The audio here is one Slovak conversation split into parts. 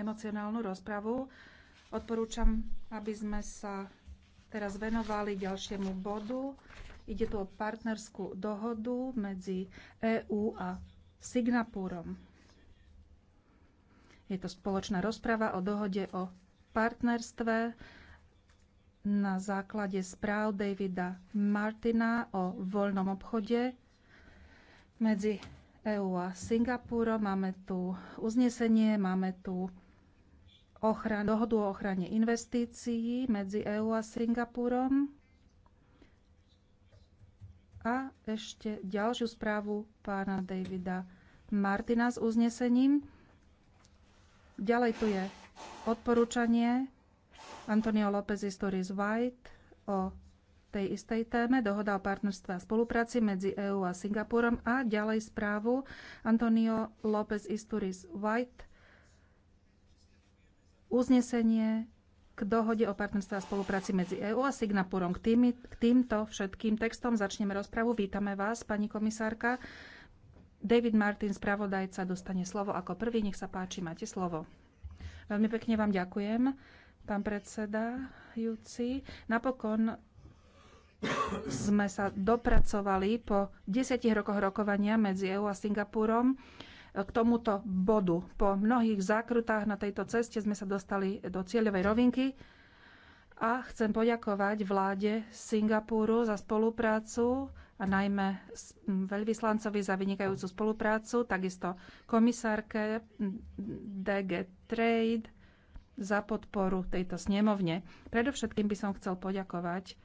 emocionálnu rozpravu. Odporúčam, aby sme sa teraz venovali ďalšiemu bodu. Ide tu o partnerskú dohodu medzi EÚ a Singapúrom. Je to spoločná rozprava o dohode o partnerstve na základe správ Davida Martina o voľnom obchode medzi EÚ a Singapúrom. Máme tu uznesenie, máme tu ochran, dohodu o ochrane investícií medzi EÚ a Singapurom a ešte ďalšiu správu pána Davida Martina s uznesením. Ďalej tu je odporúčanie Antonio López Stories White o tej istej téme, dohoda o partnerstve a spolupráci medzi EÚ a Singapurom a ďalej správu Antonio López Isturiz White uznesenie k dohode o partnerstve a spolupráci medzi EÚ a Singapurom. K, tými, k týmto všetkým textom začneme rozpravu. Vítame vás, pani komisárka. David Martin, spravodajca, dostane slovo ako prvý. Nech sa páči, máte slovo. Veľmi pekne vám ďakujem, pán predseda Júci. Napokon sme sa dopracovali po desiatich rokoch rokovania medzi EÚ a Singapurom k tomuto bodu. Po mnohých zákrutách na tejto ceste sme sa dostali do cieľovej rovinky a chcem poďakovať vláde Singapúru za spoluprácu a najmä veľvyslancovi za vynikajúcu spoluprácu, takisto komisárke DG Trade za podporu tejto snemovne. Predovšetkým by som chcel poďakovať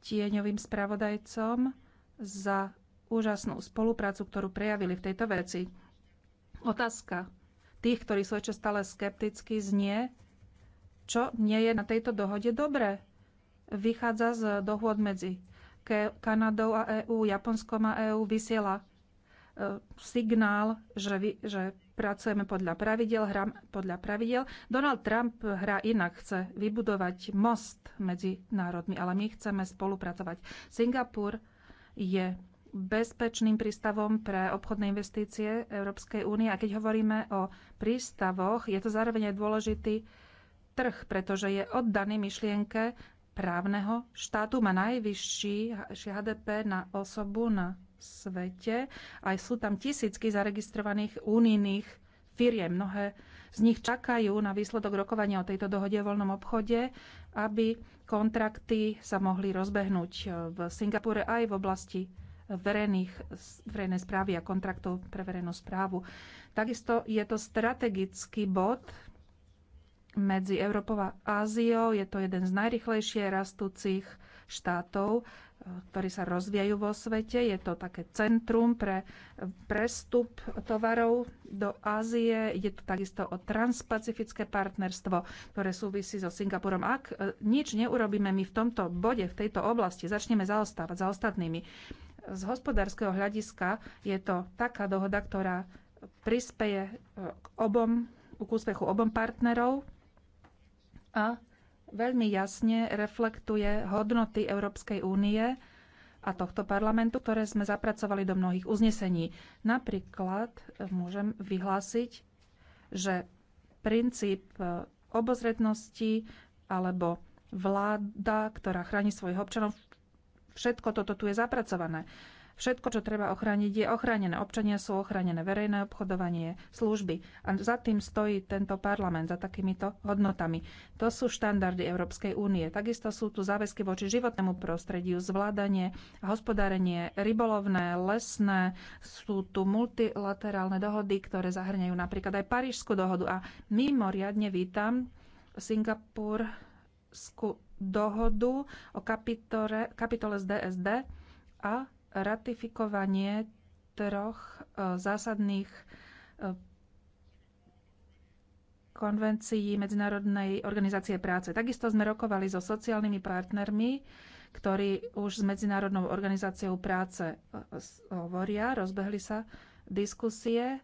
tieňovým spravodajcom za úžasnú spoluprácu, ktorú prejavili v tejto veci. Otázka tých, ktorí sú ešte stále skepticky, znie, čo nie je na tejto dohode dobré. Vychádza z dohôd medzi Kanadou a EÚ, Japonskom a EÚ, vysiela e, signál, že, vy, že pracujeme podľa pravidel, hrám podľa pravidel. Donald Trump hrá inak, chce vybudovať most medzi národmi, ale my chceme spolupracovať. Singapur je bezpečným prístavom pre obchodné investície Európskej únie. A keď hovoríme o prístavoch, je to zároveň aj dôležitý trh, pretože je oddaný myšlienke právneho štátu. Má najvyšší HDP na osobu na svete. Aj sú tam tisícky zaregistrovaných únijných firiem. Mnohé z nich čakajú na výsledok rokovania o tejto dohode o voľnom obchode, aby kontrakty sa mohli rozbehnúť v Singapúre aj v oblasti verejných, verejnej správy a kontraktov pre verejnú správu. Takisto je to strategický bod medzi Európou a Áziou. Je to jeden z najrychlejšie rastúcich štátov, e, ktorí sa rozvíjajú vo svete. Je to také centrum pre prestup tovarov do Ázie. Ide tu takisto o transpacifické partnerstvo, ktoré súvisí so Singapurom. Ak e, nič neurobíme my v tomto bode, v tejto oblasti, začneme zaostávať za ostatnými, z hospodárskeho hľadiska je to taká dohoda, ktorá prispeje e, k, obom, k úspechu obom partnerov a veľmi jasne reflektuje hodnoty Európskej únie a tohto parlamentu, ktoré sme zapracovali do mnohých uznesení. Napríklad e, môžem vyhlásiť, že princíp e, obozretnosti alebo vláda, ktorá chráni svojich občanov v Všetko toto tu je zapracované. Všetko, čo treba ochrániť, je ochránené. Občania sú ochránené, verejné obchodovanie, služby. A za tým stojí tento parlament, za takýmito hodnotami. To sú štandardy Európskej únie. Takisto sú tu záväzky voči životnému prostrediu, zvládanie, hospodárenie, rybolovné, lesné. Sú tu multilaterálne dohody, ktoré zahrňajú napríklad aj Parížskú dohodu. A mimoriadne vítam Singapur dohodu o kapitore, kapitole z DSD a ratifikovanie troch e, zásadných e, konvencií Medzinárodnej organizácie práce. Takisto sme rokovali so sociálnymi partnermi, ktorí už s Medzinárodnou organizáciou práce e, hovoria, rozbehli sa diskusie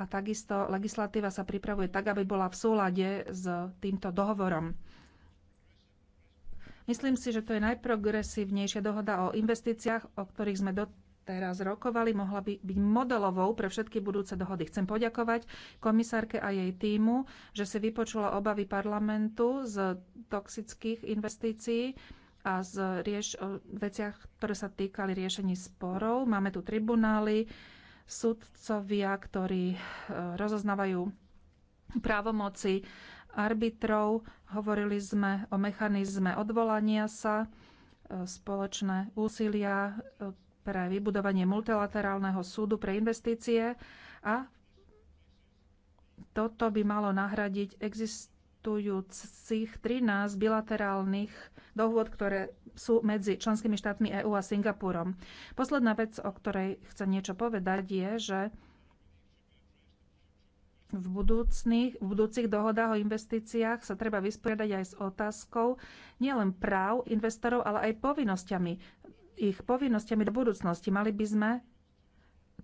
a takisto legislatíva sa pripravuje tak, aby bola v súlade s týmto dohovorom. Myslím si, že to je najprogresívnejšia dohoda o investíciách, o ktorých sme doteraz rokovali, mohla by byť modelovou pre všetky budúce dohody. Chcem poďakovať komisárke a jej týmu, že si vypočula obavy parlamentu z toxických investícií a z rieš- veciach, ktoré sa týkali riešení sporov. Máme tu tribunály, sudcovia, ktorí e, rozoznávajú právomoci arbitrov, hovorili sme o mechanizme odvolania sa, e, spoločné úsilia e, pre vybudovanie multilaterálneho súdu pre investície a toto by malo nahradiť existujúcich 13 bilaterálnych dohôd, ktoré sú medzi členskými štátmi EÚ a Singapurom. Posledná vec, o ktorej chcem niečo povedať, je, že v, budúcných, v budúcich dohodách o investíciách sa treba vysporiadať aj s otázkou nielen práv investorov, ale aj povinnosťami. Ich povinnosťami do budúcnosti. Mali by sme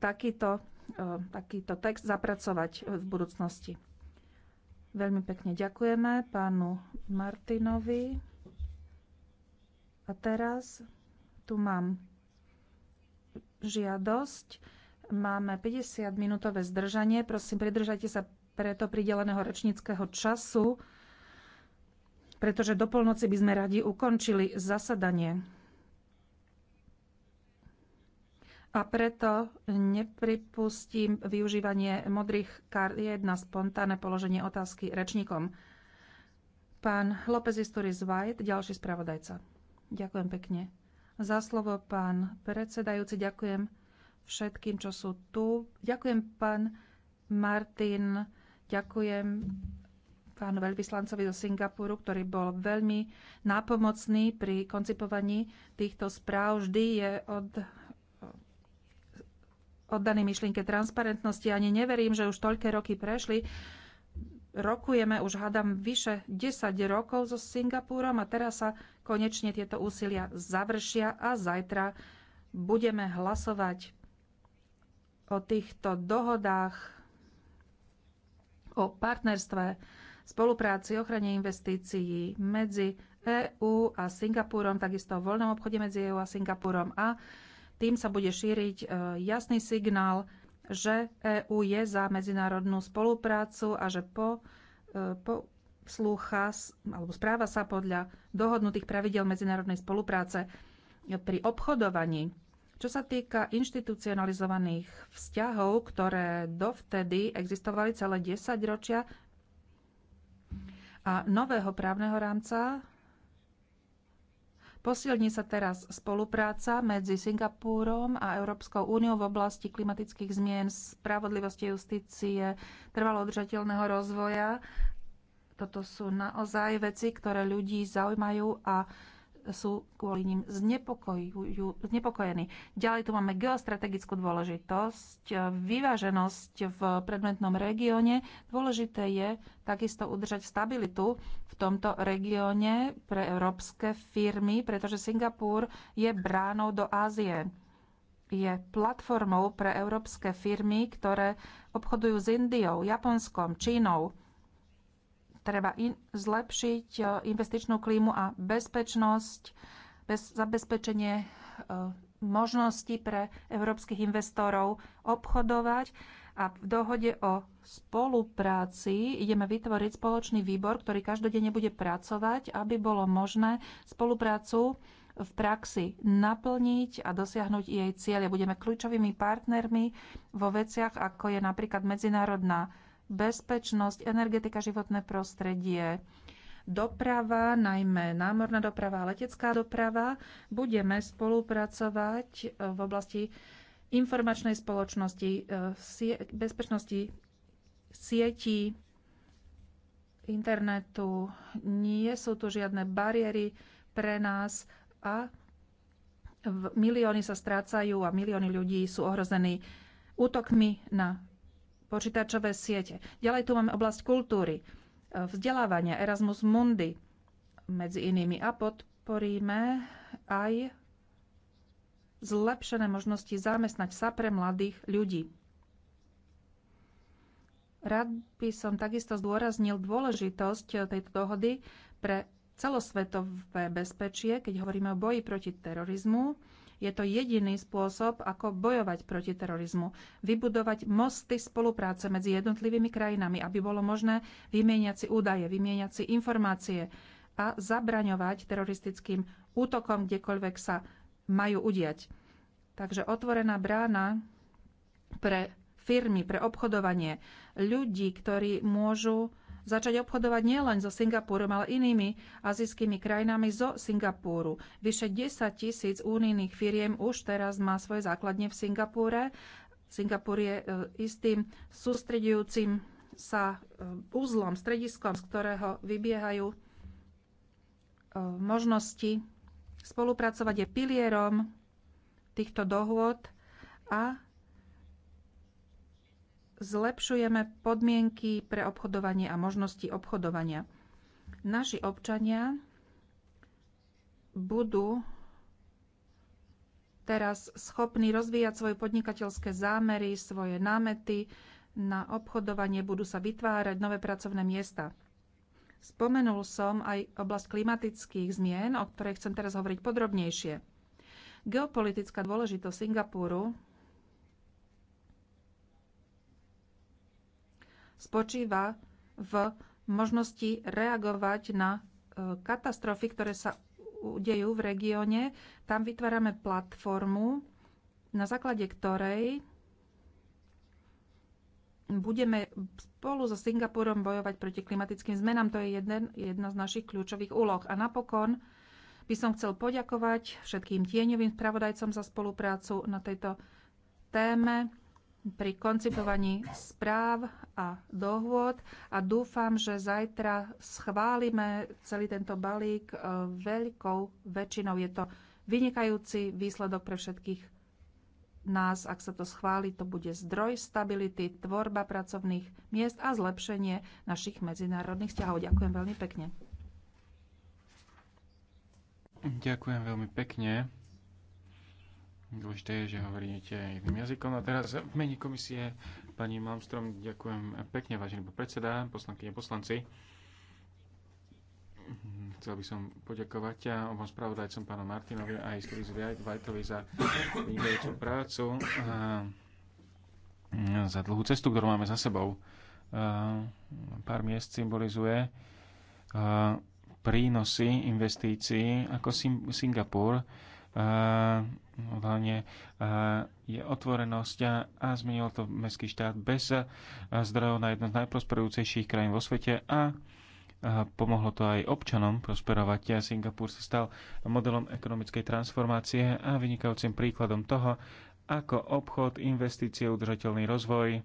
takýto, e, takýto text zapracovať v budúcnosti. Veľmi pekne ďakujeme pánu Martinovi. A teraz tu mám žiadosť Máme 50-minútové zdržanie. Prosím, pridržajte sa preto prideleného rečníckého času, pretože do polnoci by sme radi ukončili zasadanie. A preto nepripustím využívanie modrých kariet na spontánne položenie otázky rečníkom. Pán López Isturiz White, ďalší spravodajca. Ďakujem pekne. Za slovo, pán predsedajúci, ďakujem všetkým, čo sú tu. Ďakujem, pán Martin. Ďakujem pánu veľvyslancovi zo Singapuru, ktorý bol veľmi nápomocný pri koncipovaní týchto správ. Vždy je od, oddaný myšlienke transparentnosti. Ani neverím, že už toľké roky prešli. Rokujeme už, hádam, vyše 10 rokov so Singapúrom a teraz sa konečne tieto úsilia završia a zajtra budeme hlasovať o týchto dohodách, o partnerstve, spolupráci, ochrane investícií medzi EÚ a Singapurom, takisto o voľnom obchode medzi EÚ a Singapúrom a tým sa bude šíriť e, jasný signál, že EÚ je za medzinárodnú spoluprácu a že po, e, po slúcha alebo správa sa podľa dohodnutých pravidel medzinárodnej spolupráce pri obchodovaní čo sa týka inštitucionalizovaných vzťahov, ktoré dovtedy existovali celé 10 ročia a nového právneho rámca, posilní sa teraz spolupráca medzi Singapúrom a Európskou úniou v oblasti klimatických zmien, spravodlivosti, justície, trvalo udržateľného rozvoja. Toto sú naozaj veci, ktoré ľudí zaujímajú a sú kvôli ním znepokojení. Ďalej tu máme geostrategickú dôležitosť, vyváženosť v predmetnom regióne. Dôležité je takisto udržať stabilitu v tomto regióne pre európske firmy, pretože Singapur je bránou do Ázie. Je platformou pre európske firmy, ktoré obchodujú s Indiou, Japonskom, Čínou treba in, zlepšiť e, investičnú klímu a bezpečnosť, bez, zabezpečenie e, možnosti pre európskych investorov obchodovať a v dohode o spolupráci ideme vytvoriť spoločný výbor, ktorý každodenne bude pracovať, aby bolo možné spoluprácu v praxi naplniť a dosiahnuť jej cieľe. Budeme kľúčovými partnermi vo veciach, ako je napríklad medzinárodná bezpečnosť, energetika, životné prostredie, doprava, najmä námorná doprava a letecká doprava. Budeme spolupracovať e, v oblasti informačnej spoločnosti, e, bezpečnosti sietí, internetu. Nie sú tu žiadne bariéry pre nás a milióny sa strácajú a milióny ľudí sú ohrození útokmi na počítačové siete. Ďalej tu máme oblasť kultúry, e, vzdelávania Erasmus Mundi medzi inými a podporíme aj zlepšené možnosti zamestnať sa pre mladých ľudí. Rád by som takisto zdôraznil dôležitosť tejto dohody pre celosvetové bezpečie, keď hovoríme o boji proti terorizmu je to jediný spôsob, ako bojovať proti terorizmu. Vybudovať mosty spolupráce medzi jednotlivými krajinami, aby bolo možné vymieňať si údaje, vymieňať si informácie a zabraňovať teroristickým útokom, kdekoľvek sa majú udiať. Takže otvorená brána pre firmy, pre obchodovanie ľudí, ktorí môžu začať obchodovať nielen so Singapúrom, ale inými azijskými krajinami zo Singapúru. Vyše 10 tisíc únijných firiem už teraz má svoje základne v Singapúre. Singapur je e, istým sústredujúcim sa úzlom, e, strediskom, z ktorého vybiehajú e, možnosti spolupracovať je pilierom týchto dohôd a zlepšujeme podmienky pre obchodovanie a možnosti obchodovania. Naši občania budú teraz schopní rozvíjať svoje podnikateľské zámery, svoje námety na obchodovanie, budú sa vytvárať nové pracovné miesta. Spomenul som aj oblasť klimatických zmien, o ktorej chcem teraz hovoriť podrobnejšie. Geopolitická dôležitosť Singapúru spočíva v možnosti reagovať na e, katastrofy, ktoré sa udejú v regióne. Tam vytvárame platformu, na základe ktorej budeme spolu so Singapurom bojovať proti klimatickým zmenám. To je jeden, jedna z našich kľúčových úloh. A napokon by som chcel poďakovať všetkým tieňovým spravodajcom za spoluprácu na tejto téme pri koncipovaní správ a dohôd a dúfam, že zajtra schválime celý tento balík e, veľkou väčšinou. Je to vynikajúci výsledok pre všetkých nás. Ak sa to schváli, to bude zdroj stability, tvorba pracovných miest a zlepšenie našich medzinárodných vzťahov. Ďakujem veľmi pekne. Ďakujem veľmi pekne. Dôležité je, že hovoríte jedným jazykom. A teraz v mene komisie pani Malmstrom ďakujem pekne, vážený predseda, poslankyne, poslanci. Chcel by som poďakovať a obom spravodajcom pánu Martinovi a Istovi Vajtovi za vynikajúcu prácu a za dlhú cestu, ktorú máme za sebou. Pár miest symbolizuje prínosy investícií ako Singapur, No, hlavne je otvorenosť a zmenil to mestský štát bez zdrojov na jednu z najprosperujúcejších krajín vo svete a pomohlo to aj občanom prosperovať. Singapur sa stal modelom ekonomickej transformácie a vynikajúcim príkladom toho, ako obchod, investície, udržateľný rozvoj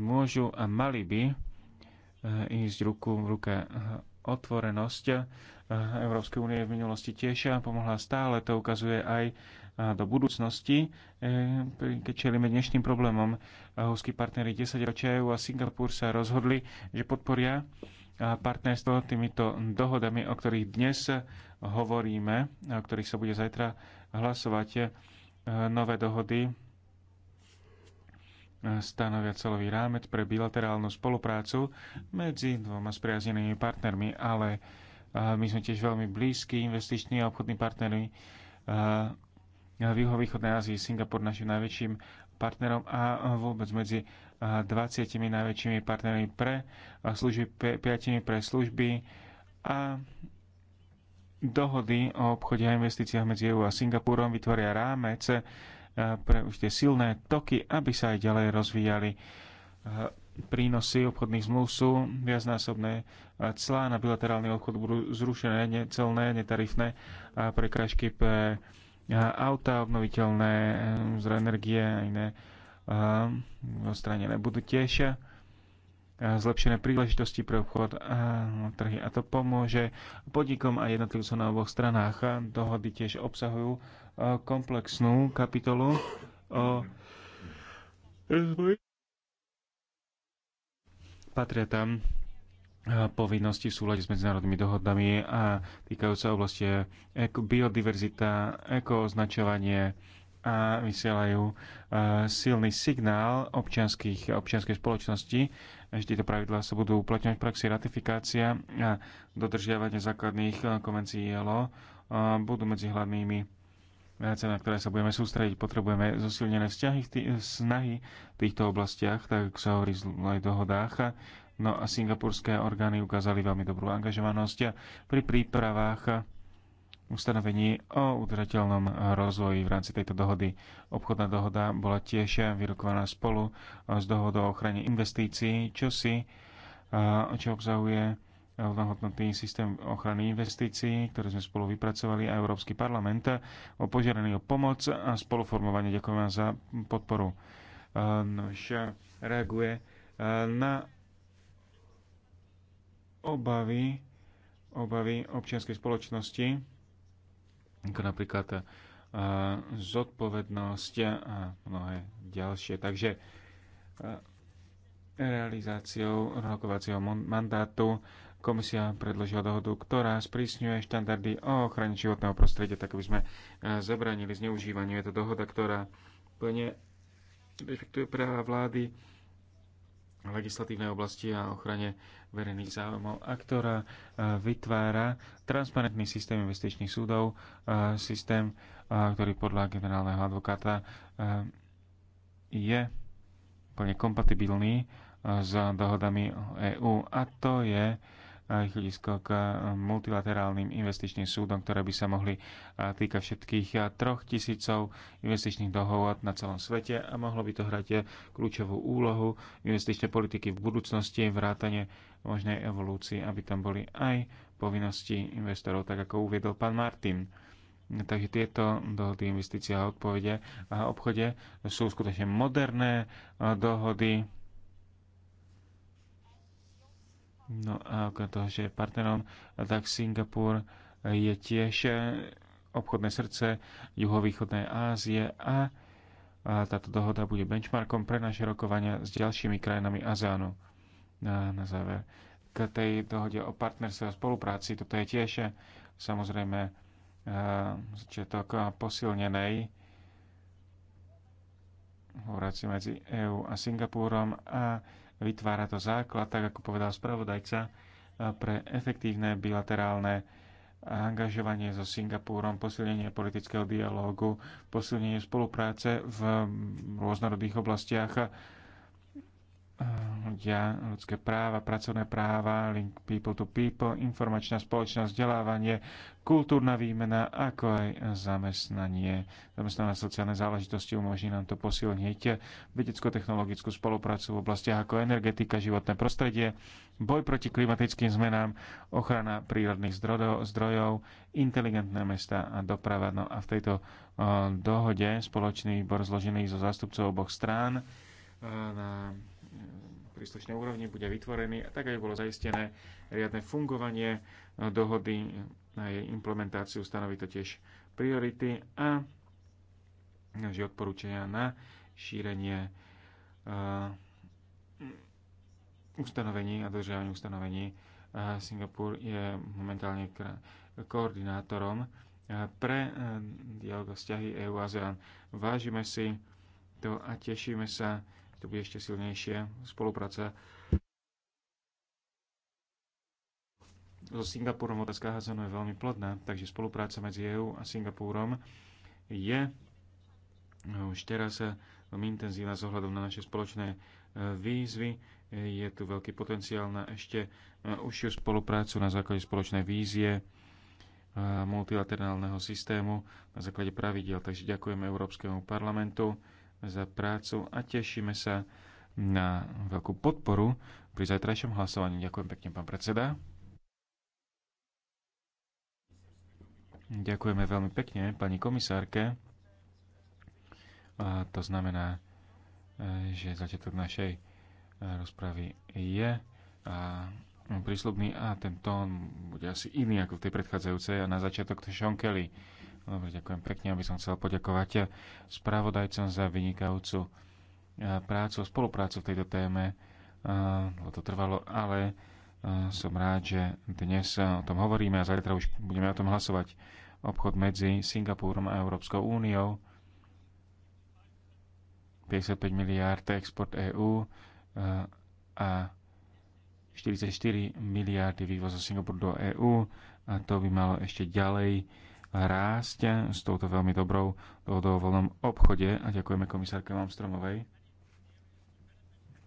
môžu a mali by e, ísť ruku v ruke e, otvorenosť eh, Európskej únie v minulosti tiež pomohla stále, to ukazuje aj eh, do budúcnosti, eh, keď čelíme dnešným problémom. Húsky partnery 10 ročia EU a Singapur sa rozhodli, že podporia partnerstvo týmito dohodami, o ktorých dnes hovoríme, o ktorých sa bude zajtra hlasovať. Nové dohody stanovia celový rámec pre bilaterálnu spoluprácu medzi dvoma spriaznenými partnermi, ale my sme tiež veľmi blízki investiční a obchodní partnery v juhovýchodnej Ázii, Singapur našim najväčším partnerom a vôbec medzi 20 najväčšími partnermi pre služby, 5 pre služby a dohody o obchode a investíciách medzi EU a Singapurom vytvoria rámec pre už tie silné toky, aby sa aj ďalej rozvíjali. Eh, prínosy obchodných zmluv sú viacnásobné. Clá na bilaterálny obchod budú zrušené, necelné, netarifné a prekážky pre eh, auta, obnoviteľné eh, zdroje energie a iné odstranené budú tiež Eh, zlepšené príležitosti pre obchod eh, a trhy. A to pomôže podnikom a jednotlivcom na oboch stranách. Dohody tiež obsahujú eh, komplexnú kapitolu o Patria tam povinnosti v súlade s medzinárodnými dohodami a týkajú sa oblasti biodiverzita, ekoznačovanie a vysielajú silný signál občianskej spoločnosti že tieto pravidlá sa budú uplatňovať v praxi ratifikácia a dodržiavanie základných eh, konvencií ILO eh, budú medzi hlavnými eh, na ktoré sa budeme sústrediť. Potrebujeme zosilnené vzťahy, tý, snahy v týchto oblastiach, tak sa hovorí aj dohodách. No a singapurské orgány ukázali veľmi dobrú angažovanosť pri prípravách ustanovení o udržateľnom rozvoji v rámci tejto dohody. Obchodná dohoda bola tiež vyrokovaná spolu s dohodou o ochrane investícií, čo si čo obsahuje hodnotný systém ochrany investícií, ktoré sme spolu vypracovali a Európsky parlament o požiadaný o pomoc a spoluformovanie. Ďakujem vám za podporu. Nož reaguje na obavy, obavy občianskej spoločnosti ako napríklad eh, zodpovednosť a mnohé ďalšie. Takže eh, realizáciou rokovacieho mandátu komisia predložila dohodu, ktorá sprísňuje štandardy o ochrane životného prostredia, tak aby sme eh, zabránili zneužívaniu. Je to dohoda, ktorá plne rešpektuje práva vlády v legislatívnej oblasti a ochrane verejných záujmov a ktorá e, vytvára transparentný systém investičných súdov, e, systém, e, ktorý podľa generálneho advokáta je plne kompatibilný s dohodami EÚ a to je východisko k e, multilaterálnym investičným súdom, ktoré by sa mohli e, týkať všetkých e, troch tisícov investičných dohôd na celom svete a mohlo by to hrať kľúčovú úlohu investičnej politiky v budúcnosti, vrátane možnej evolúcii, aby tam boli aj povinnosti investorov, tak ako uviedol pán Martin. Takže tieto dohody investícia a odpovede a obchode sú skutočne moderné dohody, No a okrem toho, že je partnerom, tak Singapur je tiež eh, obchodné srdce juhovýchodnej Ázie a táto dohoda bude benchmarkom pre naše rokovania s ďalšími krajinami ASEANu. Na, na záver, k tej dohode o partnerstve a spolupráci, toto je tiež eh, samozrejme eh, začiatok posilnenej hovoráci medzi EÚ a Singapúrom a Vytvára to základ, tak ako povedal spravodajca, e, pre efektívne bilaterálne angažovanie so Singapúrom, posilnenie politického dialógu, posilnenie spolupráce v rôznorodých oblastiach ľudia, ľudské práva, pracovné práva, link people to people, informačná spoločnosť, vzdelávanie, kultúrna výmena, ako aj zamestnanie, zamestnané sociálne záležitosti umožní nám to posilniť vedecko-technologickú spoluprácu v oblastiach ako energetika, životné prostredie, boj proti klimatickým zmenám, ochrana prírodných zdrojov, zdrojov inteligentné mesta a doprava. No a v tejto dohode spoločný výbor zložený zo zástupcov oboch strán e, na príslušnej úrovni bude vytvorený, a tak aby bolo zaistené riadne fungovanie e, dohody na jej implementáciu, stanoví to tiež priority a že odporúčania na šírenie e, ustanovení a dodržiavanie ustanovení. E, Singapur je momentálne koordinátorom pre dialog vzťahy EU-ASEAN. Vážime si to a tešíme sa to bude ešte silnejšia spolupráca so Singapurom otázka Hazanu je veľmi plodná, takže spolupráca medzi EU a Singapúrom je už teraz veľmi intenzívna s ohľadom na naše spoločné e, výzvy. Je tu veľký potenciál na ešte e, užšiu spoluprácu na základe spoločnej vízie e, multilaterálneho systému na základe pravidiel. Takže ďakujem Európskemu parlamentu za prácu a tešíme sa na veľkú podporu pri zajtrajšom hlasovaní. Ďakujem pekne, pán predseda. Ďakujeme veľmi pekne pani komisárke. A to znamená, že začiatok našej rozpravy je a prísľubný a ten tón bude asi iný ako v tej predchádzajúcej a na začiatok to Sean Kelly. Dobre, ďakujem pekne, aby som chcel poďakovať správodajcom za vynikajúcu eh, prácu, spoluprácu v tejto téme. Eh, lebo to trvalo, ale eh, som rád, že dnes o tom hovoríme a zajtra už budeme o tom hlasovať. Obchod medzi Singapúrom a Európskou úniou, 55 miliárd export EÚ a 44 miliardy vývoz zo Singapuru do EÚ a to by malo ešte ďalej rásť s touto veľmi dobrou dohodou o voľnom obchode a ďakujeme komisárke Malmstromovej.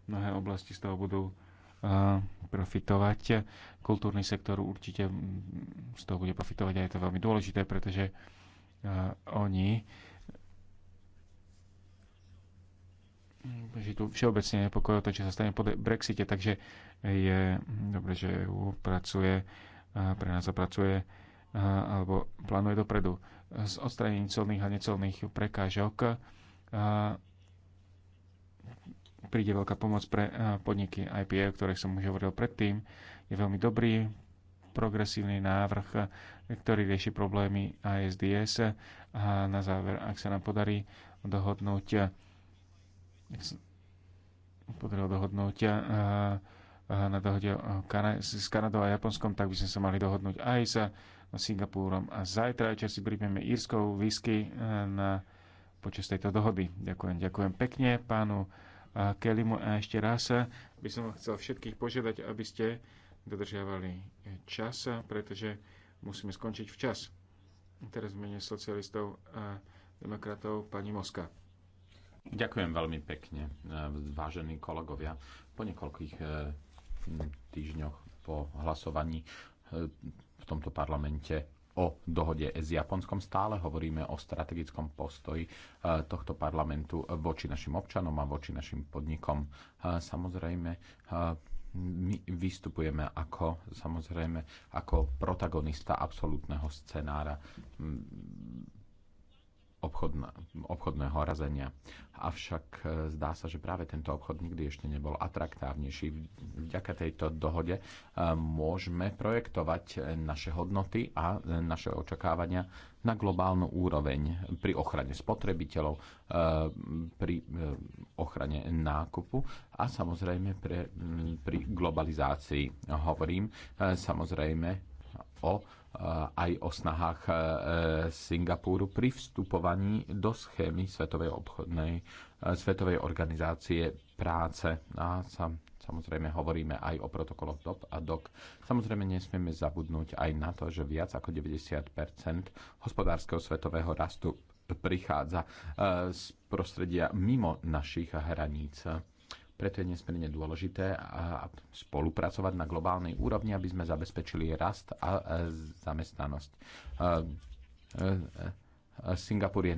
Mnohé oblasti z toho budú eh, profitovať. Kultúrny sektor určite mm, z toho bude profitovať a je to veľmi dôležité, pretože eh, oni mm, že tu všeobecne nepokoj o to, čo sa stane po Brexite, takže je mm, dobre, že EU pracuje, eh, pre nás zapracuje alebo plánuje dopredu s odstranením celných a necelných prekážok príde veľká pomoc pre podniky IPA, o ktorých som už hovoril predtým. Je veľmi dobrý, progresívny návrh, ktorý rieši problémy ISDS a na záver, ak sa nám podarí dohodnúť podarilo dohodnúť na dohode s Kanadou a Japonskom, tak by sme sa mali dohodnúť aj sa Singapúrom. A zajtra večer si pripieme írskou whisky eh, na, počas tejto dohody. Ďakujem, ďakujem pekne pánu eh, Kelimu a ešte raz eh, by som chcel všetkých požiadať, aby ste dodržiavali čas, pretože musíme skončiť včas. Teraz mene socialistov a demokratov pani Moska. Ďakujem veľmi pekne, vážení kolegovia. Po niekoľkých týždňoch po hlasovaní v tomto parlamente o dohode s Japonskom. Stále hovoríme o strategickom postoji eh, tohto parlamentu voči našim občanom a voči našim podnikom. Eh, samozrejme, eh, my vystupujeme ako, samozrejme, ako protagonista absolútneho scenára mm, obchodná, obchodného razenia. Avšak e, zdá sa, že práve tento obchod nikdy ešte nebol atraktávnejší. Vďaka tejto dohode e, môžeme projektovať e, naše hodnoty a naše očakávania na globálnu úroveň pri ochrane spotrebiteľov, pri ochrane nákupu a samozrejme pri globalizácii. Hovorím samozrejme o aj o snahách e, e, Singapúru pri vstupovaní do schémy Svetovej obchodnej e, Svetovej organizácie práce. A sa, samozrejme hovoríme aj o protokoloch DOP a DOC. Samozrejme nesmieme zabudnúť aj na to, že viac ako 90 hospodárskeho svetového rastu prichádza z prostredia mimo našich hraníc preto je nesmierne dôležité spolupracovať na globálnej úrovni, aby sme zabezpečili rast a e, zamestnanosť. E, e, Singapur je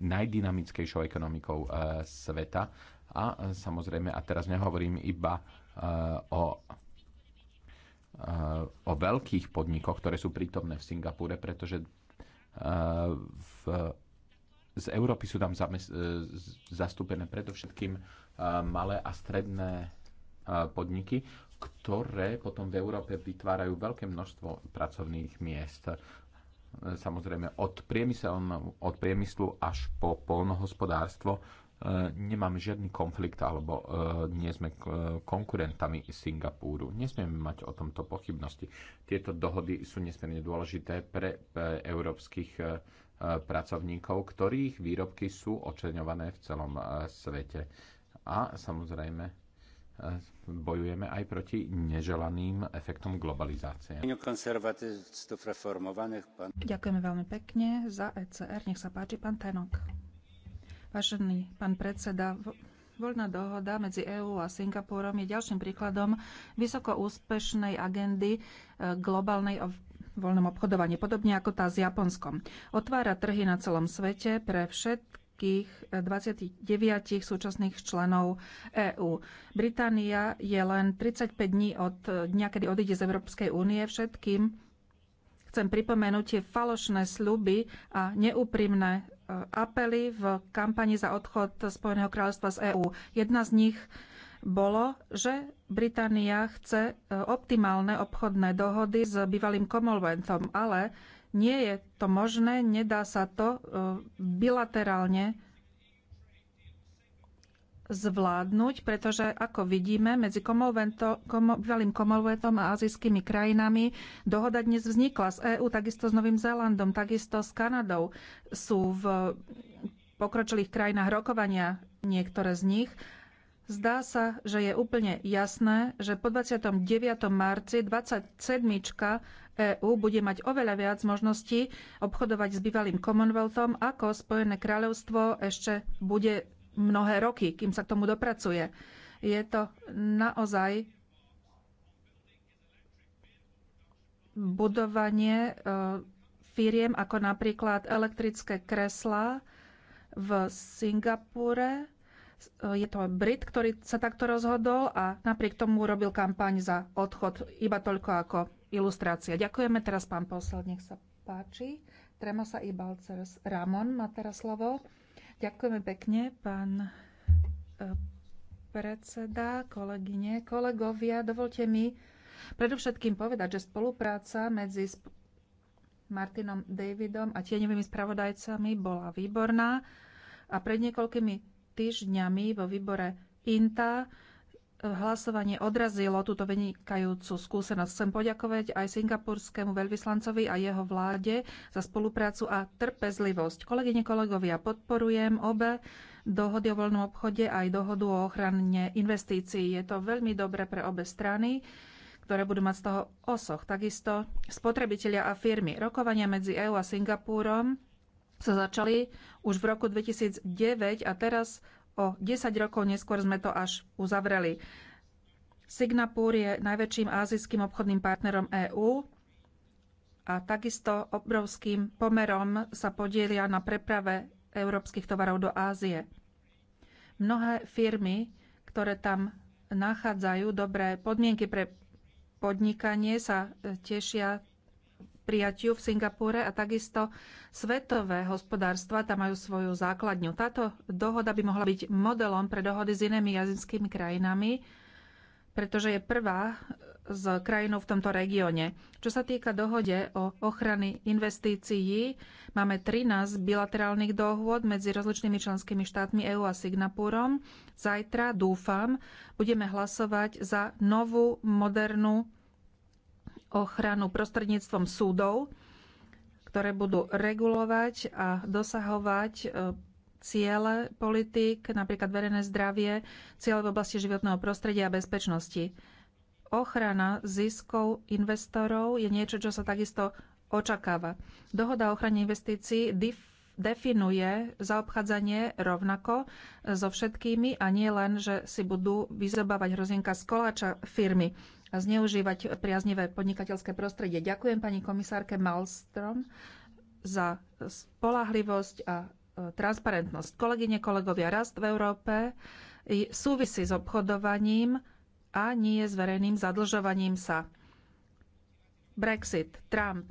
najdynamickejšou ekonomikou sveta a samozrejme, a teraz nehovorím iba o o veľkých podnikoch, ktoré sú prítomné v Singapúre, pretože v z Európy sú tam e, zastúpené predovšetkým e, malé a stredné e, podniky, ktoré potom v Európe vytvárajú veľké množstvo pracovných miest. Samozrejme od, od priemyslu až po polnohospodárstvo, E, nemáme žiadny konflikt alebo e, nie sme e, konkurentami Singapúru. Nesmieme mať o tomto pochybnosti. Tieto dohody sú nesmierne dôležité pre, európskych pracovníkov, ktorých výrobky sú oceňované v celom svete. A samozrejme bojujeme aj proti neželaným efektom globalizácie. Ďakujeme veľmi pekne za ECR. Nech sa páči, pán Tenok. Vážený pán predseda, voľná dohoda medzi EÚ a Singapurom je ďalším príkladom vysoko úspešnej agendy e, globálnej o voľnom obchodovaní, podobne ako tá s Japonskom. Otvára trhy na celom svete pre všetkých 29 e, súčasných členov EÚ. Británia je len 35 dní od e, dňa, kedy odíde z Európskej únie. Všetkým chcem pripomenúť tie falošné sľuby a neúprimné apely v kampani za odchod Spojeného kráľovstva z EÚ. Jedna z nich bolo, že Británia chce e, optimálne obchodné dohody s bývalým Commonwealthom, ale nie je to možné, nedá sa to e, bilaterálne zvládnuť, pretože ako vidíme, medzi komo, bývalým Commonwealthom a azijskými krajinami dohoda dnes vznikla s EÚ, takisto s Novým Zélandom, takisto s Kanadou. Sú v pokročilých krajinách rokovania niektoré z nich. Zdá sa, že je úplne jasné, že po 29. marci 27. EÚ bude mať oveľa viac možností obchodovať s bývalým Commonwealthom, ako Spojené kráľovstvo ešte bude mnohé roky, kým sa k tomu dopracuje. Je to naozaj budovanie e, firiem ako napríklad elektrické kreslá v Singapúre. E, je to Brit, ktorý sa takto rozhodol a napriek tomu robil kampaň za odchod iba toľko ako ilustrácia. Ďakujeme teraz pán posel, nech sa páči. Trema sa i Balcers Ramon má teraz slovo. Ďakujeme pekne, pán e, predseda, kolegyne, kolegovia. Dovolte mi predovšetkým povedať, že spolupráca medzi Martinom Davidom a tieňovými spravodajcami bola výborná a pred niekoľkými týždňami vo výbore INTA hlasovanie odrazilo túto vynikajúcu skúsenosť. Chcem poďakovať aj singapurskému veľvyslancovi a jeho vláde za spoluprácu a trpezlivosť. Kolegyne, kolegovia, podporujem obe dohody o voľnom obchode aj dohodu o ochrane investícií. Je to veľmi dobre pre obe strany ktoré budú mať z toho osoch. Takisto spotrebitelia a firmy. Rokovania medzi EÚ a Singapúrom sa začali už v roku 2009 a teraz O 10 rokov neskôr sme to až uzavreli. Singapur je najväčším azijským obchodným partnerom EÚ a takisto obrovským pomerom sa podielia na preprave európskych tovarov do Ázie. Mnohé firmy, ktoré tam nachádzajú dobré podmienky pre podnikanie, sa tešia prijatiu v Singapúre a takisto svetové hospodárstva tam majú svoju základňu. Táto dohoda by mohla byť modelom pre dohody s inými jazyckými krajinami, pretože je prvá s krajinou v tomto regióne. Čo sa týka dohode o ochrany investícií, máme 13 bilaterálnych dohôd medzi rozličnými členskými štátmi EÚ a Singapúrom. Zajtra, dúfam, budeme hlasovať za novú modernú ochranu prostredníctvom súdov, ktoré budú regulovať a dosahovať e, ciele politik, napríklad verejné zdravie, ciele v oblasti životného prostredia a bezpečnosti. Ochrana ziskov investorov je niečo, čo sa takisto očakáva. Dohoda o ochrane investícií definuje zaobchádzanie rovnako e, so všetkými a nie len, že si budú vyzobávať hrozienka z koláča firmy zneužívať priaznivé podnikateľské prostredie. Ďakujem pani komisárke Malstrom za spolahlivosť a e, transparentnosť. Kolegyne, kolegovia, rast v Európe súvisí s obchodovaním a nie s verejným zadlžovaním sa. Brexit, Trump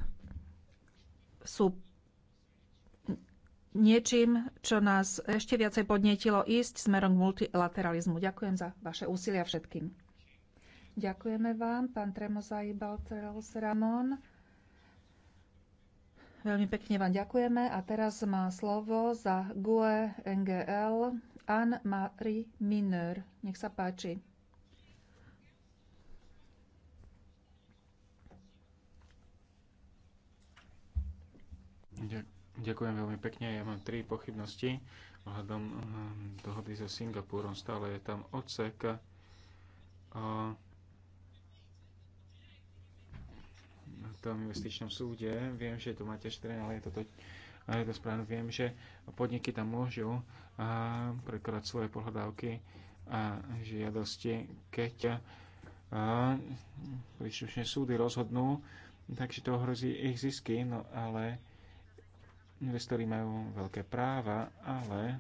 sú niečím, čo nás ešte viacej podnietilo ísť smerom k multilateralizmu. Ďakujem za vaše úsilia všetkým. Ďakujeme vám, pán Tremozaj Balceros Ramon. Veľmi pekne vám ďakujeme a teraz má slovo za GUE NGL Anne-Marie Miner. Nech sa páči. Ďakujem veľmi pekne. Ja mám tri pochybnosti ohľadom mm, dohody so Singapúrom. Stále je tam odsek tom investičnom súde. Viem, že tu máte štren, ale je to, to, je to správne. Viem, že podniky tam môžu prekladať svoje pohľadávky a žiadosti, keď príslušne súdy rozhodnú, takže to hrozí ich zisky, no ale investori majú veľké práva, ale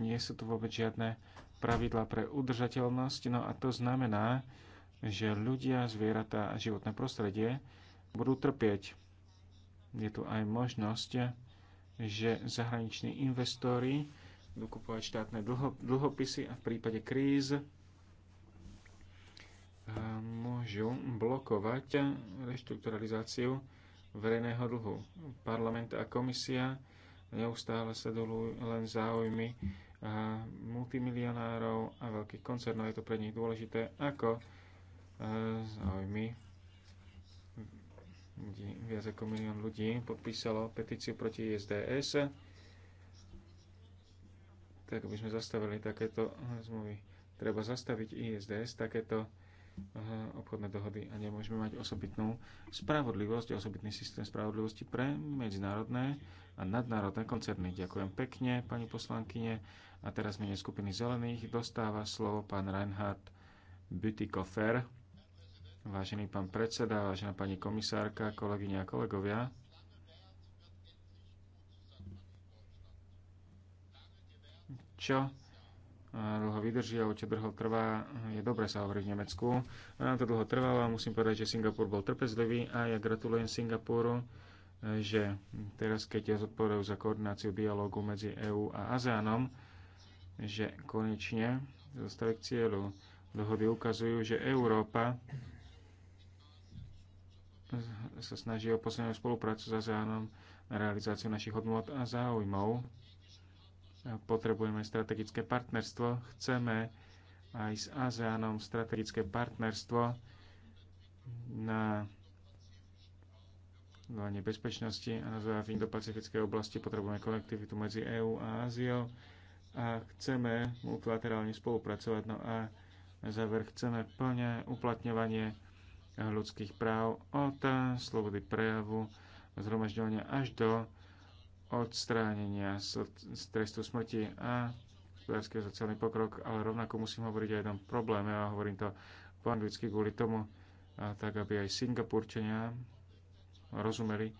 nie sú tu vôbec žiadne pravidla pre udržateľnosť, no a to znamená, že ľudia, zvieratá a životné prostredie budú trpieť. Je tu aj možnosť, že zahraniční investóri budú kupovať štátne dlhopisy a v prípade kríz eh, môžu blokovať reštrukturalizáciu verejného dlhu. Parlament a komisia neustále sa dolujú len záujmy eh, multimilionárov a veľkých koncernov. Je to pre nich dôležité ako záujmy. Viac ako milión ľudí podpísalo petíciu proti SDS, tak aby sme zastavili takéto eh, zmluvy. Treba zastaviť ISDS, takéto eh, obchodné dohody a nemôžeme mať osobitnú spravodlivosť, osobitný systém spravodlivosti pre medzinárodné a nadnárodné koncerny. Ďakujem pekne, pani poslankyne. A teraz mene skupiny zelených dostáva slovo pán Reinhard Bütikofer. Vážený pán predseda, vážená pani komisárka, kolegyne a kolegovia, čo eh, dlho vydrží alebo čo dlho trvá, je dobre sa hovorí v Nemecku. A nám to dlho trvalo a musím povedať, že Singapur bol trpezlivý a ja gratulujem Singapuru, eh, že teraz, keď ja zodpovedajú za koordináciu dialogu medzi EÚ a ASEANom, že konečne zostali k cieľu. Dohody ukazujú, že Európa sa snaží o posilnenú spoluprácu s zájom na realizáciu našich hodnot a záujmov. Potrebujeme strategické partnerstvo, chceme aj s ASEANom strategické partnerstvo na hlavne bezpečnosti a rozvoja v indopacifickej oblasti potrebujeme konektivitu medzi EÚ a Áziou a chceme multilaterálne spolupracovať. No a na záver chceme plne uplatňovanie ľudských práv od eh, slobody prejavu, zhromažďovania až do odstránenia z trestu smrti a hospodárskeho sociálny pokrok, ale rovnako musím hovoriť aj o jednom probléme a hovorím to po anglicky kvôli tomu, a eh, tak aby aj Singapurčania rozumeli.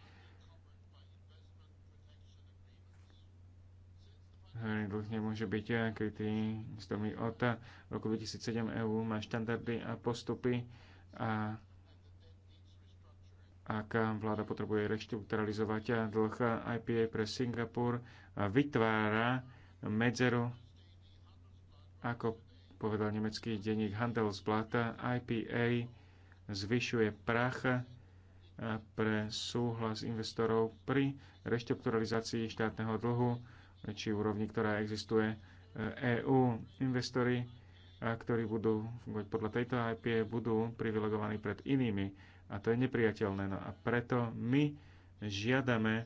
Dlh nemôže byť eh, krytý z od roku 2007 EU má štandardy a postupy a ak vláda potrebuje reštrukturalizovať dlh IPA pre Singapur, vytvára medzeru, ako povedal nemecký denník Handelsblatt, IPA zvyšuje prach pre súhlas investorov pri reštrukturalizácii štátneho dlhu, či úrovni, ktorá existuje EÚ. Investori ktorí budú fungovať podľa tejto IP, budú privilegovaní pred inými. A to je nepriateľné. No a preto my žiadame,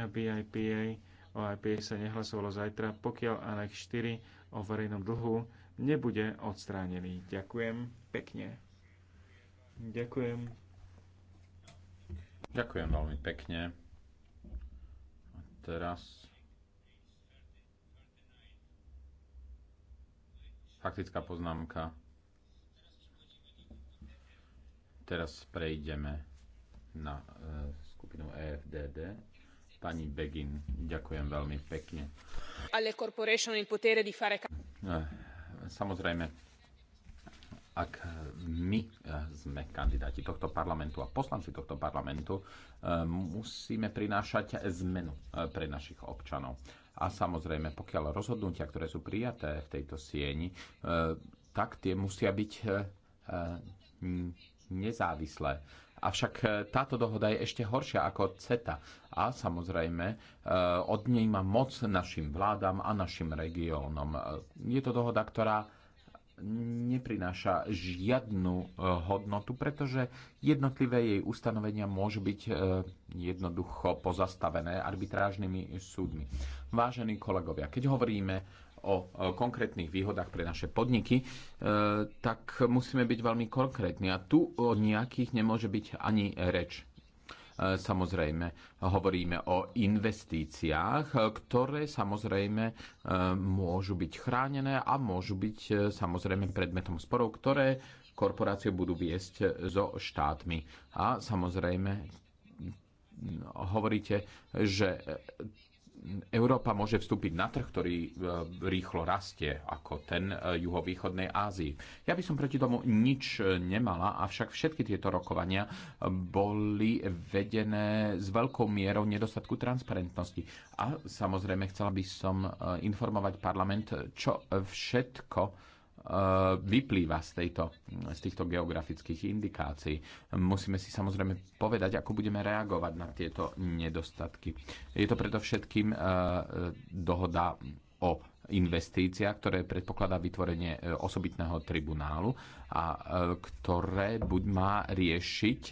aby IPA o IPA sa nehlasovalo zajtra, pokiaľ Anex 4 o verejnom dlhu nebude odstránený. Ďakujem pekne. Ďakujem. Ďakujem veľmi pekne. A teraz Faktická poznámka. Teraz prejdeme na e, skupinu EFDD. Pani Begin, ďakujem veľmi pekne. Ale corporation in potere di fare... E, samozrejme, ak my e, sme kandidáti tohto parlamentu a poslanci tohto parlamentu, musíme prinášať zmenu pre našich občanov a samozrejme, pokiaľ rozhodnutia, ktoré sú prijaté v tejto sieni, e, tak tie musia byť e, e, nezávislé. Avšak táto dohoda je ešte horšia ako CETA a samozrejme od nej má moc našim vládam a našim regiónom. Je to dohoda, ktorá neprináša žiadnu e, hodnotu, pretože jednotlivé jej ustanovenia môžu byť e, jednoducho pozastavené arbitrážnymi súdmi. Vážení kolegovia, keď hovoríme o e, konkrétnych výhodách pre naše podniky, tak musíme byť veľmi konkrétni. A tu o nejakých nemôže byť ani reč. Samozrejme, hovoríme o investíciách, ktoré samozrejme e, môžu byť chránené a môžu byť e, samozrejme predmetom sporov, ktoré korporácie budú viesť e, so štátmi. A samozrejme hovoríte, že Európa môže vstúpiť na trh, ktorý e, rýchlo rastie, ako ten e, juhovýchodnej Ázii. Ja by som proti tomu nič e, nemala, avšak všetky tieto rokovania boli vedené s veľkou mierou nedostatku transparentnosti. A samozrejme chcela by som informovať parlament, čo všetko E, vyplýva z, tejto, z týchto geografických indikácií. Musíme si samozrejme povedať, ako budeme reagovať na tieto nedostatky. Je to predovšetkým e, e, dohoda o investícia, ktoré predpokladá vytvorenie osobitného tribunálu a ktoré buď má riešiť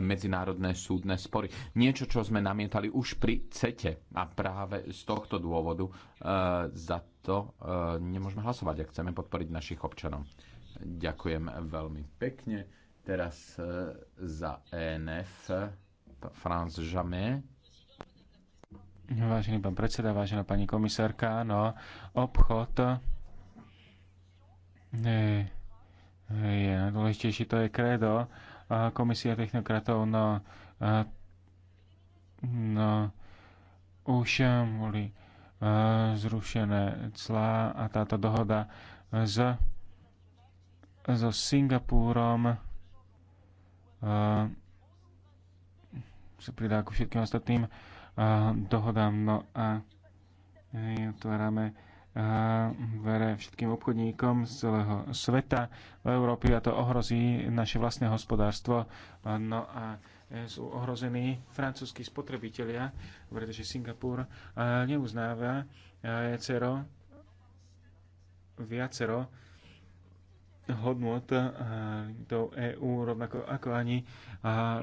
medzinárodné súdne spory. Niečo, čo sme namietali už pri CETE a práve z tohto dôvodu e, za to e, nemôžeme hlasovať, ak chceme podporiť našich občanov. Ďakujem veľmi pekne. Teraz e, za ENF Franz Jamé. Vážený pán predseda, vážená pani komisárka, no obchod je, je najdôležitejší, to je kredo komisia technokratov, na, no, na no, už boli zrušené clá a táto dohoda s, so Singapúrom sa pridá ku všetkým ostatným dohodám. No a otvárame vere všetkým obchodníkom z celého sveta v Európe a to ohrozí naše vlastné hospodárstvo. No a e, sú ohrození francúzskí spotrebitelia, pretože Singapur e, neuznáva e, viacero, viacero hodnot do EÚ, rovnako ako ani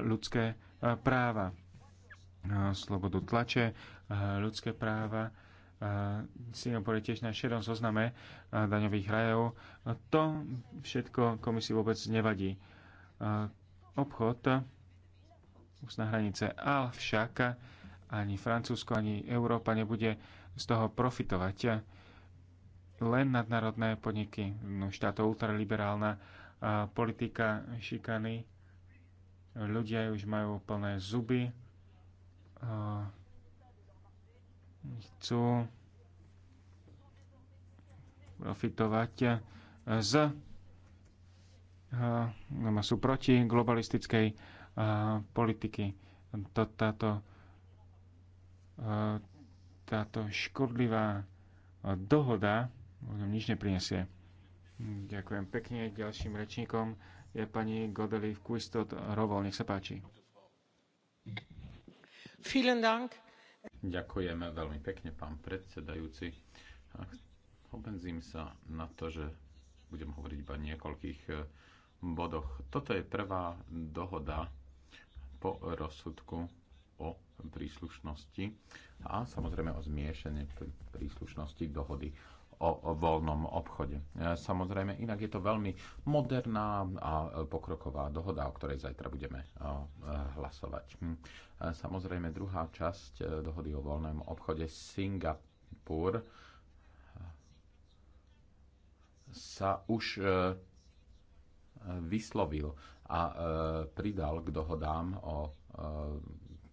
ľudské práva. Slobodu tlače, ľudské práva, Singapur je tiež na šedom zozname daňových rajov. To všetko komisii vôbec nevadí. Obchod už na hranice, avšak ani Francúzsko, ani Európa nebude z toho profitovať. Len nadnárodné podniky, no, štáto ultraliberálna politika šikany ľudia už majú plné zuby chcú profitovať z eh, no, sú proti globalistickej eh, politiky. Táto, eh, táto škodlivá dohoda ľuďom nič neprinesie. Ďakujem pekne. Ďalším rečníkom je pani v Kuistot Rovol. Nech sa páči. Vielen Dank. Ďakujem veľmi pekne, pán predsedajúci. Obenzím sa na to, že budem hovoriť iba niekoľkých e, bodoch. Toto je prvá dohoda po rozsudku o príslušnosti a samozrejme o zmiešanie príslušnosti dohody o voľnom obchode. E, samozrejme, inak je to veľmi moderná a pokroková dohoda, o ktorej zajtra budeme e, hlasovať. Hm. E, samozrejme, druhá časť dohody o voľnom obchode Singapur sa už vyslovil a pridal k dohodám o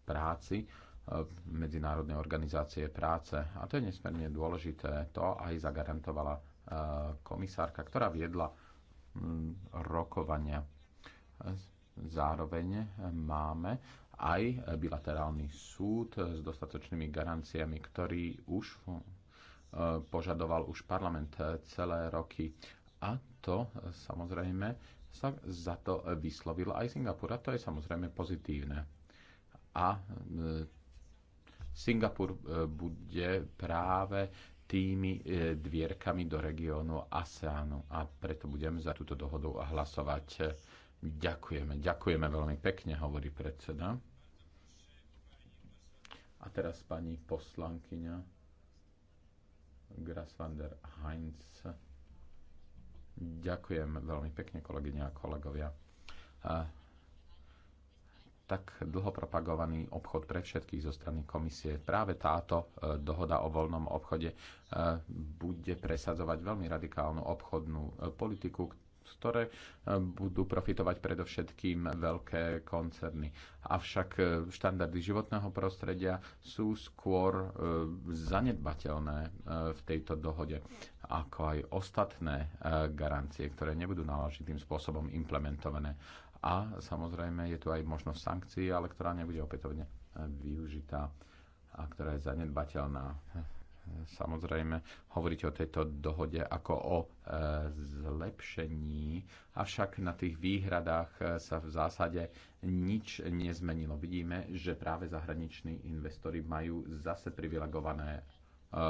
práci E, Medzinárodnej organizácie práce. A to je nesmierne dôležité. To aj zagarantovala e, komisárka, ktorá viedla rokovania. Zároveň máme aj bilaterálny súd s dostatočnými garanciami, ktorý už e, požadoval už parlament celé roky. A to samozrejme sa za to vyslovila aj Singapur. A to je samozrejme pozitívne. A Singapur e, bude práve tými e, dvierkami do regiónu ASEANu a preto budeme za túto dohodu hlasovať. Ďakujeme, ďakujeme veľmi pekne, hovorí predseda. A teraz pani poslankyňa Grasvander Heinz. Ďakujem veľmi pekne, kolegyne a kolegovia tak dlho propagovaný obchod pre všetkých zo strany komisie. Práve táto e, dohoda o voľnom obchode e, bude presadzovať veľmi radikálnu obchodnú e, politiku, ktoré budú profitovať predovšetkým veľké koncerny. Avšak štandardy životného prostredia sú skôr zanedbateľné v tejto dohode, ako aj ostatné garancie, ktoré nebudú náležitým spôsobom implementované a samozrejme je tu aj možnosť sankcií, ale ktorá nebude opätovne eh, využitá a ktorá je zanedbateľná. Samozrejme, hovoríte o tejto dohode ako o e, zlepšení, avšak na tých výhradách eh, sa v zásade nič nezmenilo. Vidíme, že práve zahraniční investori majú zase privilegované e, e,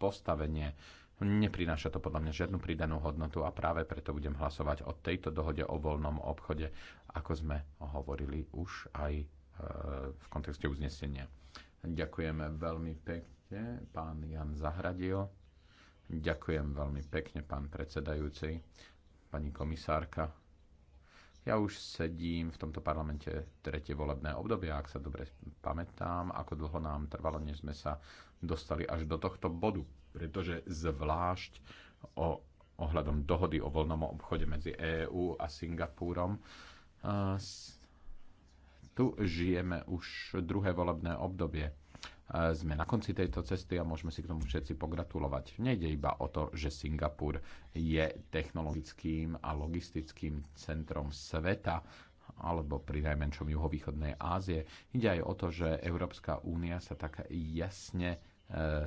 postavenie Neprináša to podľa mňa žiadnu pridanú hodnotu a práve preto budem hlasovať o tejto dohode o voľnom obchode, ako sme hovorili už aj e, v kontexte uznesenia. Ďakujeme veľmi pekne, pán Jan Zahradil. Ďakujem veľmi pekne, pán predsedajúci, pani komisárka. Ja už sedím v tomto parlamente tretie volebné obdobie, ak sa dobre pamätám, ako dlho nám trvalo, než sme sa dostali až do tohto bodu pretože zvlášť o, ohľadom dohody o voľnom obchode medzi EÚ a Singapúrom tu žijeme už druhé volebné obdobie. Sme na konci tejto cesty a môžeme si k tomu všetci pogratulovať. Nejde iba o to, že Singapur je technologickým a logistickým centrom sveta, alebo pri najmenšom juhovýchodnej Ázie. Ide aj o to, že Európska únia sa tak jasne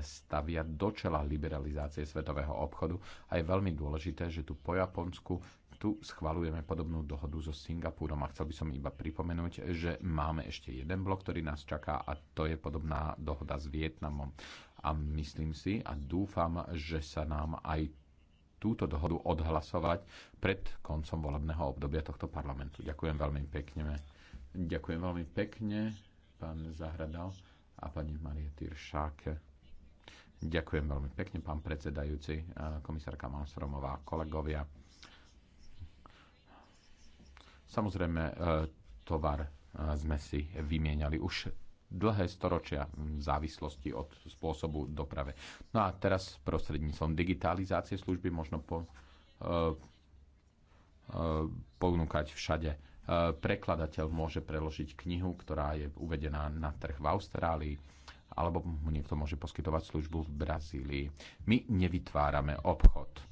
stavia do čela liberalizácie svetového obchodu a je veľmi dôležité, že tu po Japonsku tu schvalujeme podobnú dohodu so Singapurom a chcel by som iba pripomenúť, že máme ešte jeden blok, ktorý nás čaká a to je podobná dohoda s Vietnamom. A myslím si a dúfam, že sa nám aj túto dohodu odhlasovať pred koncom volebného obdobia tohto parlamentu. Ďakujem veľmi pekne. Ďakujem veľmi pekne, pán Zahradal a pani Maria Tyršáke. Ďakujem veľmi pekne, pán predsedajúci, eh, komisárka Malmstromová, kolegovia. Samozrejme, eh, tovar eh, sme si vymieniali už dlhé storočia v závislosti od spôsobu doprave. No a teraz prostredníctvom digitalizácie služby možno po, ponúkať všade. prekladateľ môže preložiť knihu, ktorá je uvedená na trh v Austrálii alebo mu niekto môže poskytovať službu v Brazílii. My nevytvárame obchod.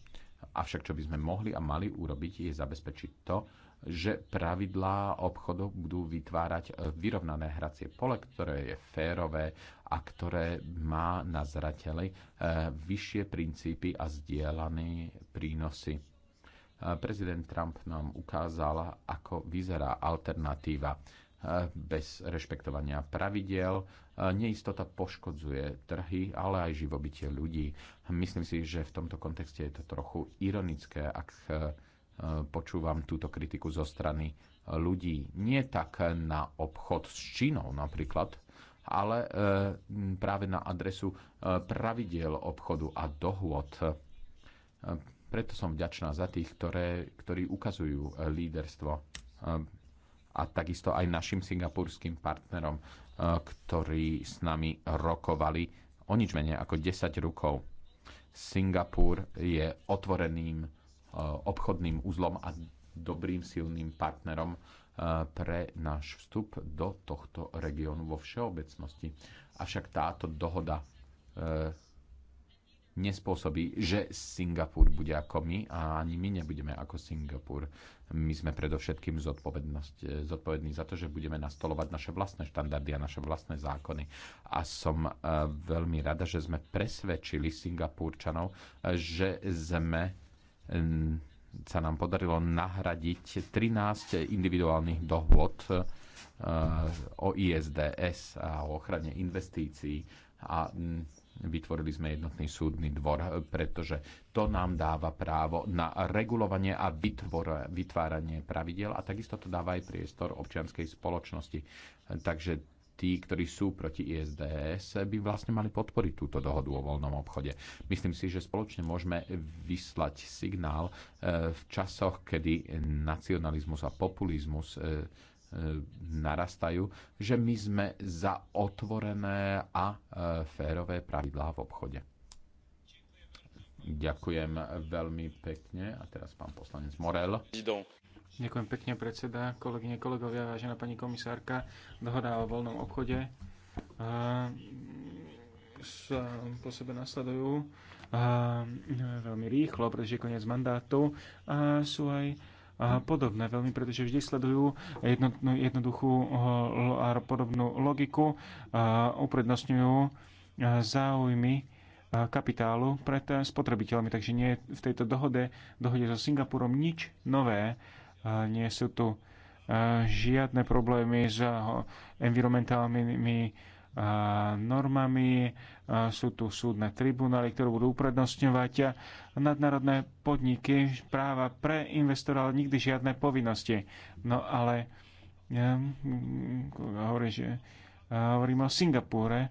Avšak čo by sme mohli a mali urobiť, je zabezpečiť to, že pravidlá obchodov budú vytvárať vyrovnané hracie pole, ktoré je férové a ktoré má na zrateli eh, vyššie princípy a zdieľané prínosy. Eh, prezident Trump nám ukázal, ako vyzerá alternatíva eh, bez rešpektovania pravidel, neistota poškodzuje trhy, ale aj živobytie ľudí. Myslím si, že v tomto kontexte je to trochu ironické, ak eh, počúvam túto kritiku zo strany ľudí. Nie tak na obchod s Čínou napríklad, ale eh, práve na adresu eh, pravidiel obchodu a dohôd. Preto som vďačná za tých, ktoré, ktorí ukazujú líderstvo a takisto aj našim singapurským partnerom ktorí s nami rokovali o nič menej ako 10 rokov. Singapur je otvoreným obchodným uzlom a dobrým silným partnerom pre náš vstup do tohto regiónu vo všeobecnosti. Avšak táto dohoda e, nespôsobí, že Singapur bude ako my a ani my nebudeme ako Singapur. My sme predovšetkým eh, zodpovední za to, že budeme nastolovať naše vlastné štandardy a naše vlastné zákony. A som eh, veľmi rada, že sme presvedčili Singapurčanov, eh, že sme mm, sa nám podarilo nahradiť 13 individuálnych dohôd o ISDS a o ochrane investícií a mm, Vytvorili sme jednotný súdny dvor, pretože to nám dáva právo na regulovanie a vytvor, vytváranie pravidel a takisto to dáva aj priestor občianskej spoločnosti. Takže tí, ktorí sú proti ISDS, by vlastne mali podporiť túto dohodu o voľnom obchode. Myslím si, že spoločne môžeme vyslať signál eh, v časoch, kedy nacionalizmus a populizmus eh, E, narastajú, že my sme za otvorené a e, férové pravidlá v obchode. Ďakujem veľmi pekne. A teraz pán poslanec Morel. Ďakujem pekne, predseda, kolegyne, kolegovia, vážená pani komisárka. Dohoda o voľnom obchode e, sa po sebe nasledujú veľmi rýchlo, pretože je koniec mandátu a sú aj podobné veľmi, pretože vždy sledujú jednoduchú eh, a podobnú logiku, a eh, uprednostňujú eh, záujmy kapitálu pred spotrebiteľmi. Takže nie je v tejto dohode, dohode so Singapurom nič nové. Nie sú tu žiadne problémy s environmentálnymi normami, sú tu súdne tribunály, ktoré budú uprednostňovať nadnárodné podniky, práva pre investora, ale nikdy žiadne povinnosti. No ale ja mm, hovorím, že hovorím o Singapúre,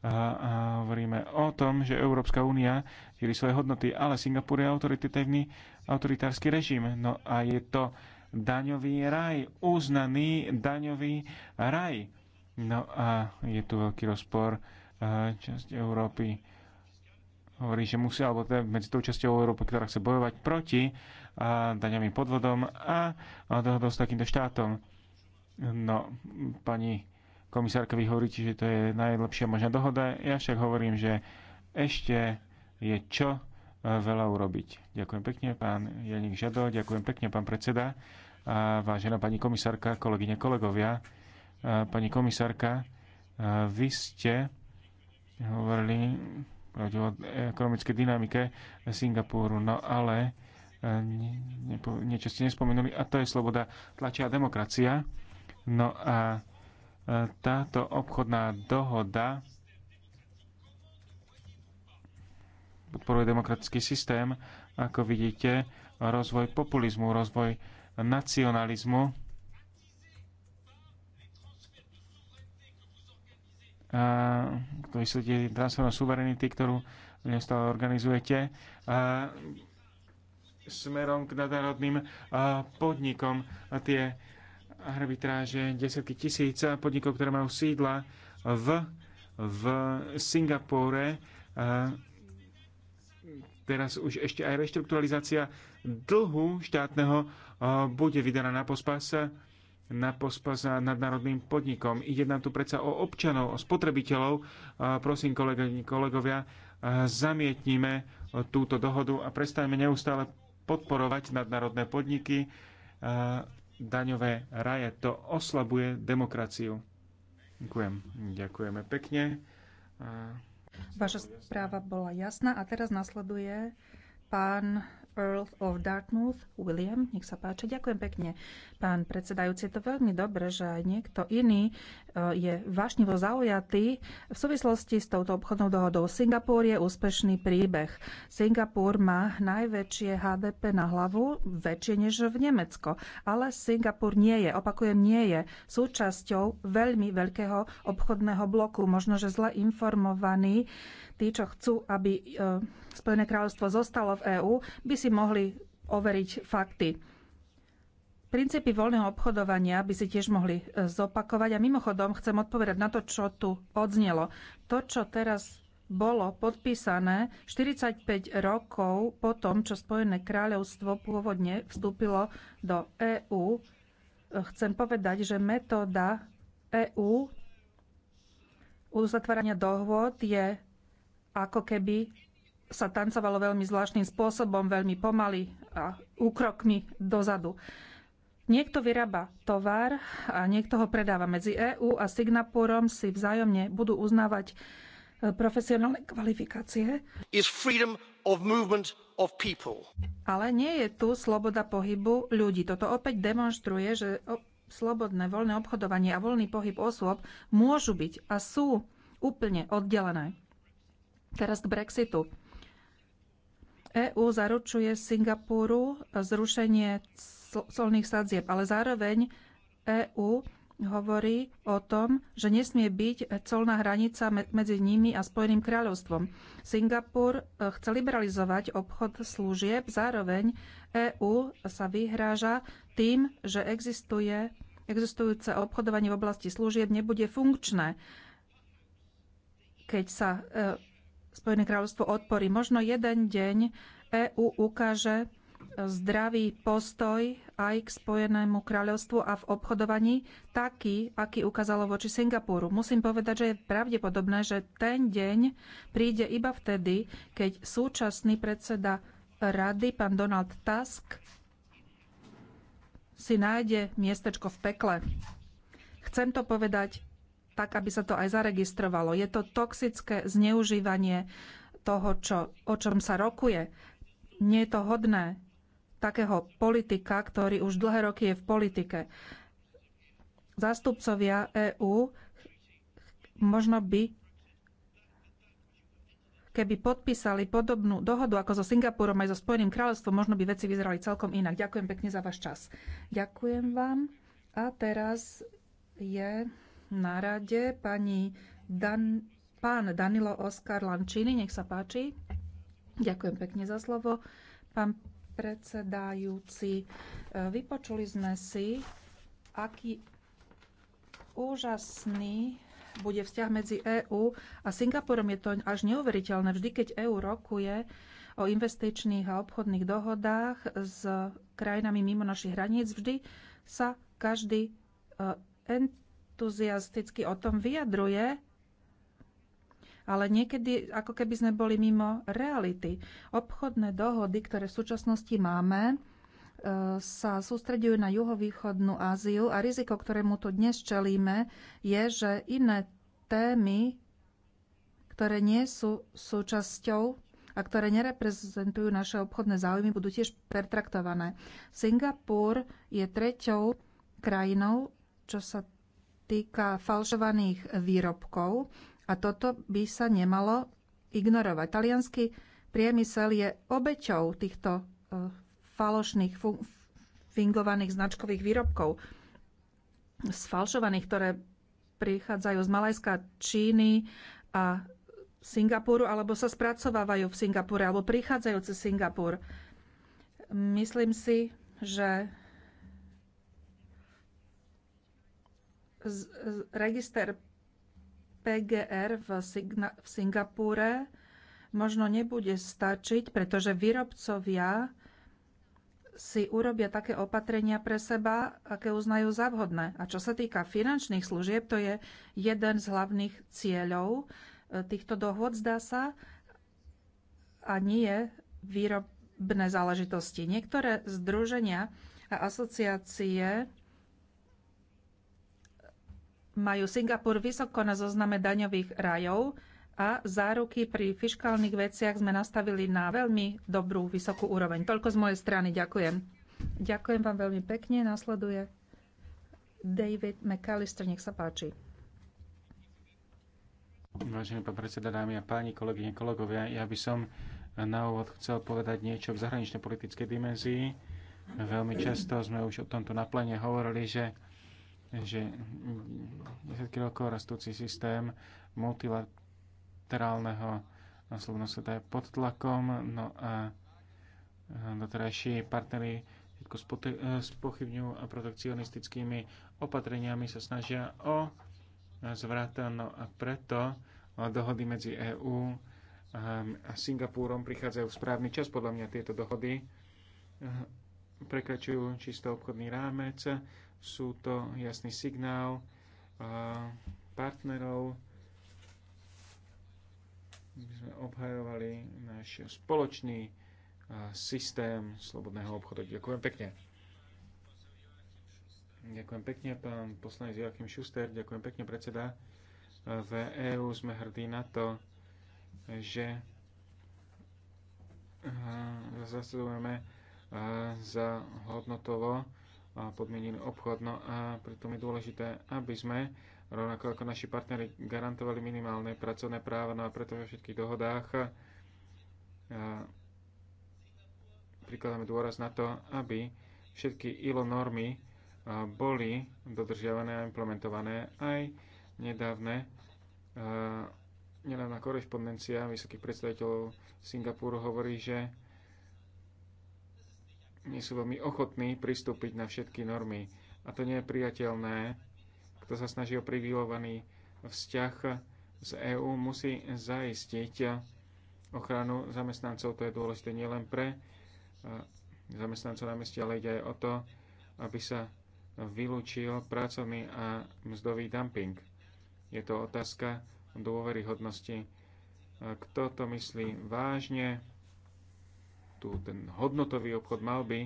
a hovoríme o tom, že Európska únia žili svoje hodnoty, ale Singapur je autoritatívny autoritársky režim. No a je to daňový raj, uznaný daňový raj No a je tu veľký rozpor. Eh, časť Európy hovorí, že musí, alebo teda medzi tou časťou Európy, ktorá chce bojovať proti eh, daňovým podvodom a dohodou s takýmto štátom. No, pani komisárka, vy hovoríte, že to je najlepšia možná dohoda. Ja však hovorím, že ešte je čo eh, veľa urobiť. Ďakujem pekne, pán Janik Žado, ďakujem pekne, pán predseda, a vážená pani komisárka, kolegyne, kolegovia pani komisárka, vy ste hovorili o ekonomickej dynamike Singapúru, no ale niečo ste nespomenuli a to je sloboda tlačia a demokracia. No a táto obchodná dohoda podporuje demokratický systém. Ako vidíte, rozvoj populizmu, rozvoj nacionalizmu to vysvetlíte transferom suverenity, ktorú to organizujete, a smerom k nadnárodným podnikom. A tie arbitráže desiatky tisíc podnikov, ktoré majú sídla v, v Singapúre, teraz už ešte aj reštrukturalizácia dlhu štátneho bude vydaná na pospas na za nadnárodným podnikom. Ide nám tu predsa o občanov, o spotrebiteľov. Prosím, kolegovia, zamietnime túto dohodu a prestaňme neustále podporovať nadnárodné podniky. Daňové raje to oslabuje demokraciu. Ďakujem. Ďakujeme pekne. Vaša správa bola jasná a teraz nasleduje pán Earl of Dartmouth. William, nech sa páči. Ďakujem pekne, pán predsedajúci. Je to veľmi dobre, že aj niekto iný e, je vášnivo zaujatý. V súvislosti s touto obchodnou dohodou Singapur je úspešný príbeh. Singapur má najväčšie HDP na hlavu, väčšie než v Nemecko. Ale Singapur nie je, opakujem, nie je súčasťou veľmi veľkého obchodného bloku. Možno, že zle informovaný tí, čo chcú, aby e, Spojené kráľovstvo zostalo v EÚ, by si mohli overiť fakty. Princípy voľného obchodovania by si tiež mohli e, zopakovať. A mimochodom chcem odpovedať na to, čo tu odznelo. To, čo teraz bolo podpísané 45 rokov po tom, čo Spojené kráľovstvo pôvodne vstúpilo do EÚ, e, chcem povedať, že metóda EÚ uzatvárania dohôd je ako keby sa tancovalo veľmi zvláštnym spôsobom, veľmi pomaly a úkrokmi dozadu. Niekto vyrába tovar a niekto ho predáva. Medzi EÚ a Singapurom si vzájomne budú uznávať e, profesionálne kvalifikácie. Of of Ale nie je tu sloboda pohybu ľudí. Toto opäť demonstruje, že slobodné voľné obchodovanie a voľný pohyb osôb môžu byť a sú úplne oddelené. Teraz k Brexitu. EÚ zaručuje Singapuru zrušenie colných sadzieb, ale zároveň EÚ hovorí o tom, že nesmie byť colná hranica medzi nimi a Spojeným kráľovstvom. Singapur e, chce liberalizovať obchod služieb, zároveň EÚ sa vyhráža tým, že existuje, existujúce obchodovanie v oblasti služieb nebude funkčné, keď sa e, Spojené kráľovstvo odporí. Možno jeden deň EÚ ukáže zdravý postoj aj k Spojenému kráľovstvu a v obchodovaní taký, aký ukázalo voči Singapuru. Musím povedať, že je pravdepodobné, že ten deň príde iba vtedy, keď súčasný predseda rady, pán Donald Tusk, si nájde miestečko v pekle. Chcem to povedať tak, aby sa to aj zaregistrovalo. Je to toxické zneužívanie toho, čo, o čom sa rokuje. Nie je to hodné takého politika, ktorý už dlhé roky je v politike. Zástupcovia EÚ možno by keby podpísali podobnú dohodu ako so Singapurom aj so Spojeným kráľovstvom, možno by veci vyzerali celkom inak. Ďakujem pekne za váš čas. Ďakujem vám. A teraz je na rade pani Dan, pán Danilo Oskar Lančini. Nech sa páči. Ďakujem pekne za slovo. Pán predsedajúci, e, vypočuli sme si, aký úžasný bude vzťah medzi EÚ a Singapurom. Je to až neuveriteľné. Vždy, keď EÚ rokuje o investičných a obchodných dohodách s krajinami mimo našich hraníc, vždy sa každý e, entuziasticky o tom vyjadruje, ale niekedy ako keby sme boli mimo reality. Obchodné dohody, ktoré v súčasnosti máme, e, sa sústredujú na juhovýchodnú Áziu a riziko, ktorému tu dnes čelíme, je, že iné témy, ktoré nie sú súčasťou a ktoré nereprezentujú naše obchodné záujmy, budú tiež pertraktované. Singapur je treťou krajinou, čo sa týka falšovaných výrobkov a toto by sa nemalo ignorovať. Talianský priemysel je obeťou týchto e, falošných, fingovaných značkových výrobkov, sfalšovaných, ktoré prichádzajú z Malajska, Číny a Singapuru, alebo sa spracovávajú v Singapúre, alebo prichádzajú cez Singapur. Myslím si, že z, z, register PGR v, Signa, v Singapúre možno nebude stačiť, pretože výrobcovia si urobia také opatrenia pre seba, aké uznajú za vhodné. A čo sa týka finančných služieb, to je jeden z hlavných cieľov e, týchto dohôd, zdá sa, a nie výrobné záležitosti. Niektoré združenia a asociácie majú Singapur vysoko na zozname daňových rajov a záruky pri fiškálnych veciach sme nastavili na veľmi dobrú, vysokú úroveň. Toľko z mojej strany. Ďakujem. Ďakujem vám veľmi pekne. Nasleduje David McAllister. Nech sa páči. Vážený pán predseda, dámy a páni, kolegyne, kolegovia, ja by som na úvod chcel povedať niečo v zahraničnej politickej dimenzii. Veľmi často sme už o tomto naplene hovorili, že že 10 rokov rastúci systém multilaterálneho slovno sveta je pod tlakom, no a doterajší partnery všetko e, spochybňujú a protekcionistickými opatreniami sa snažia o zvrat. No a preto dohody medzi EÚ e, a Singapúrom prichádzajú v správny čas. Podľa mňa tieto dohody e, prekračujú čisto obchodný rámec sú to jasný signál eh, partnerov. My sme obhajovali náš spoločný eh, systém slobodného obchodu. Ďakujem pekne. Ďakujem pekne, pán poslanec Joachim Schuster, ďakujem pekne, predseda. V EÚ sme hrdí na to, že eh, zasadujeme za hodnotovo podmienili obchod. No a preto je dôležité, aby sme rovnako ako naši partnery garantovali minimálne pracovné práva, no a preto vo všetkých dohodách prikladáme dôraz na to, aby všetky ILO normy boli dodržiavané a implementované aj nedávne nedávna korešpondencia vysokých predstaviteľov Singapuru hovorí, že nie sú veľmi ochotní pristúpiť na všetky normy. A to nie je priateľné. Kto sa snaží o privilovaný vzťah z EÚ, musí zaistiť ochranu zamestnancov. To je dôležité nielen pre e, zamestnancov na meste, ale ide aj o to, aby sa vylúčil pracovný a mzdový dumping. Je to otázka dôveryhodnosti. E, kto to myslí vážne? tu ten hodnotový obchod mal by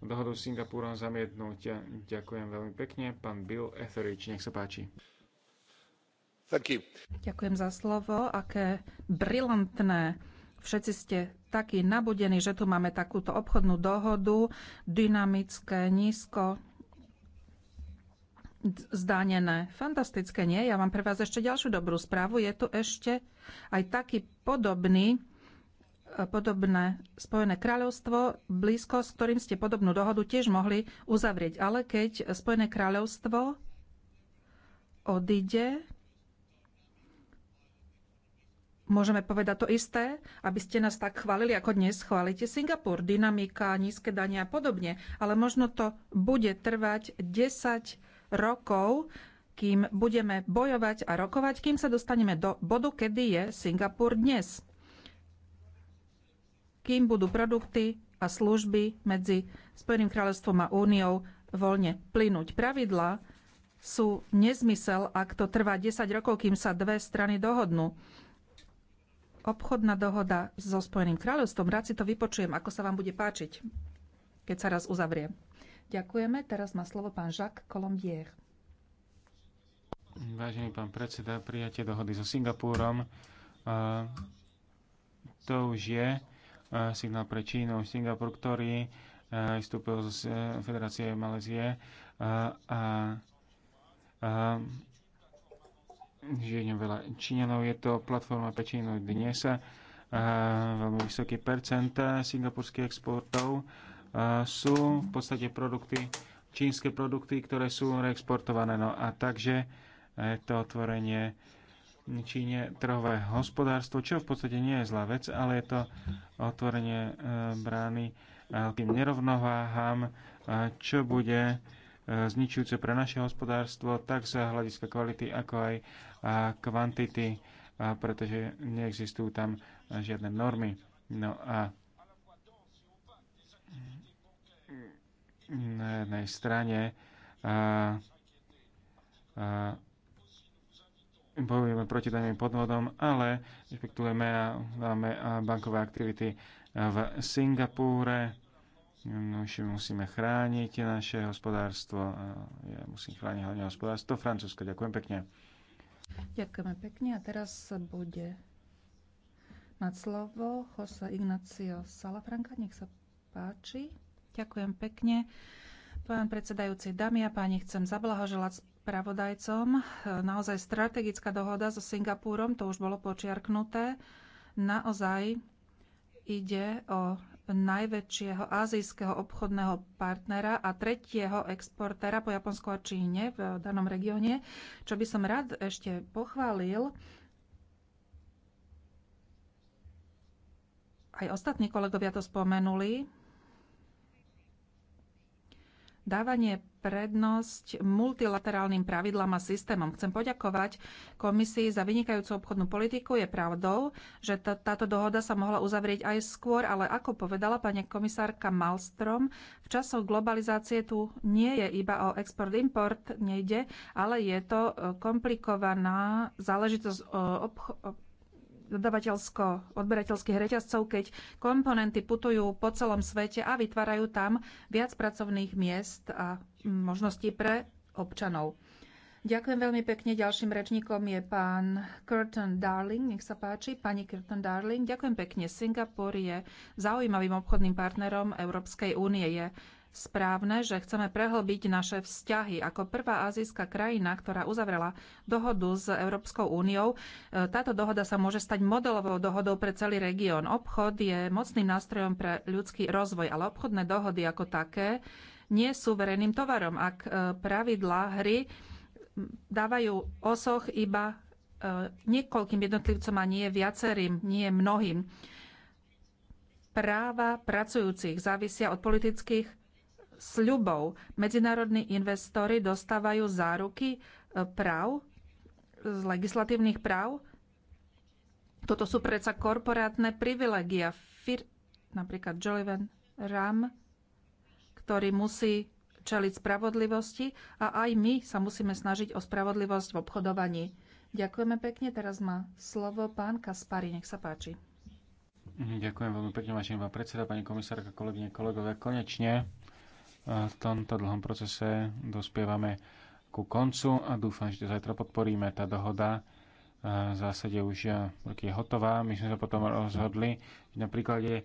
dohodu s Singapúrom zamietnúť. Ďakujem veľmi pekne. Pán Bill Etheridge, nech sa páči. Ďakujem za slovo. Aké brilantné. Všetci ste takí nabudení, že tu máme takúto obchodnú dohodu, dynamické, nízko zdanené. Fantastické, nie? Ja mám pre vás ešte ďalšiu dobrú správu. Je tu ešte aj taký podobný podobné Spojené kráľovstvo, blízko, s ktorým ste podobnú dohodu tiež mohli uzavrieť. Ale keď Spojené kráľovstvo odíde, môžeme povedať to isté, aby ste nás tak chválili, ako dnes chválite Singapur, dynamika, nízke dania a podobne. Ale možno to bude trvať 10 rokov, kým budeme bojovať a rokovať, kým sa dostaneme do bodu, kedy je Singapur dnes kým budú produkty a služby medzi Spojeným kráľovstvom a Úniou voľne plynúť. Pravidlá sú nezmysel, ak to trvá 10 rokov, kým sa dve strany dohodnú. Obchodná dohoda so Spojeným kráľovstvom, rád si to vypočujem, ako sa vám bude páčiť, keď sa raz uzavrie. Ďakujeme. Teraz má slovo pán Jacques Colombier. Vážený pán predseda, prijatie dohody so Singapúrom, to už je E, signál pre Čínu, Singapur, ktorý e, vystúpil z Federácie Malézie e, a, a žije veľa Číňanov. Je to platforma pre Čínu dnes. A, veľmi vysoký percent singapurských exportov a, sú v podstate produkty, čínske produkty, ktoré sú reexportované. No a takže to otvorenie Číne trhové hospodárstvo, čo v podstate nie je zlá vec, ale je to otvorenie e, brány e, tým nerovnováhám, e, čo bude zničujúce pre naše hospodárstvo, tak z hľadiska kvality, ako aj kvantity, pretože neexistujú tam žiadne normy. No a na jednej strane a, a, bojujeme proti daňovým podvodom, ale respektujeme a máme bankové aktivity v Singapúre. No, musíme chrániť naše hospodárstvo. Ja musím chrániť hlavne hospodárstvo Francúzsko. Ďakujem pekne. Ďakujeme pekne a teraz sa bude mať slovo Jose Ignacio Salafranca. Nech sa páči. Ďakujem pekne. Pán predsedajúci, dámy a páni, chcem zablahoželať spravodajcom. E, naozaj strategická dohoda so Singapúrom, to už bolo počiarknuté. Naozaj ide o najväčšieho azijského obchodného partnera a tretieho exportéra po Japonsku a Číne v danom regióne. Čo by som rád ešte pochválil, aj ostatní kolegovia to spomenuli, dávanie prednosť multilaterálnym pravidlám a systémom. Chcem poďakovať komisii za vynikajúcu obchodnú politiku. Je pravdou, že táto dohoda sa mohla uzavrieť aj skôr, ale ako povedala pani komisárka Malstrom, v časoch globalizácie tu nie je iba o export-import, nejde, ale je to e, komplikovaná záležitosť e, dodavateľsko-odberateľských reťazcov, keď komponenty putujú po celom svete a vytvárajú tam viac pracovných miest a možností pre občanov. Ďakujem veľmi pekne. Ďalším rečníkom je pán Curtin Darling. Nech sa páči, pani Curtin Darling. Ďakujem pekne. Singapur je zaujímavým obchodným partnerom Európskej únie. Je správne, že chceme prehlbiť naše vzťahy. Ako prvá azijská krajina, ktorá uzavrela dohodu s Európskou úniou, e, táto dohoda sa môže stať modelovou dohodou pre celý región. Obchod je mocným nástrojom pre ľudský rozvoj, ale obchodné dohody ako také nie sú verejným tovarom. Ak e, pravidlá hry dávajú osoch iba e, niekoľkým jednotlivcom a nie viacerým, nie mnohým. Práva pracujúcich závisia od politických sľubov. Medzinárodní investori dostávajú záruky e, práv, z legislatívnych práv. Toto sú predsa korporátne privilegia. Fir- napríklad Jolivan Ram, ktorý musí čeliť spravodlivosti a aj my sa musíme snažiť o spravodlivosť v obchodovaní. Ďakujeme pekne. Teraz má slovo pán Kaspari. Nech sa páči. Ďakujem veľmi pekne, vážený pán predseda, pani komisárka, kolegyne, kolegovia. Konečne v tomto dlhom procese dospievame ku koncu a dúfam, že to zajtra podporíme. Tá dohoda e, v zásade už e, je hotová. My sme sa potom rozhodli, že na príklade e,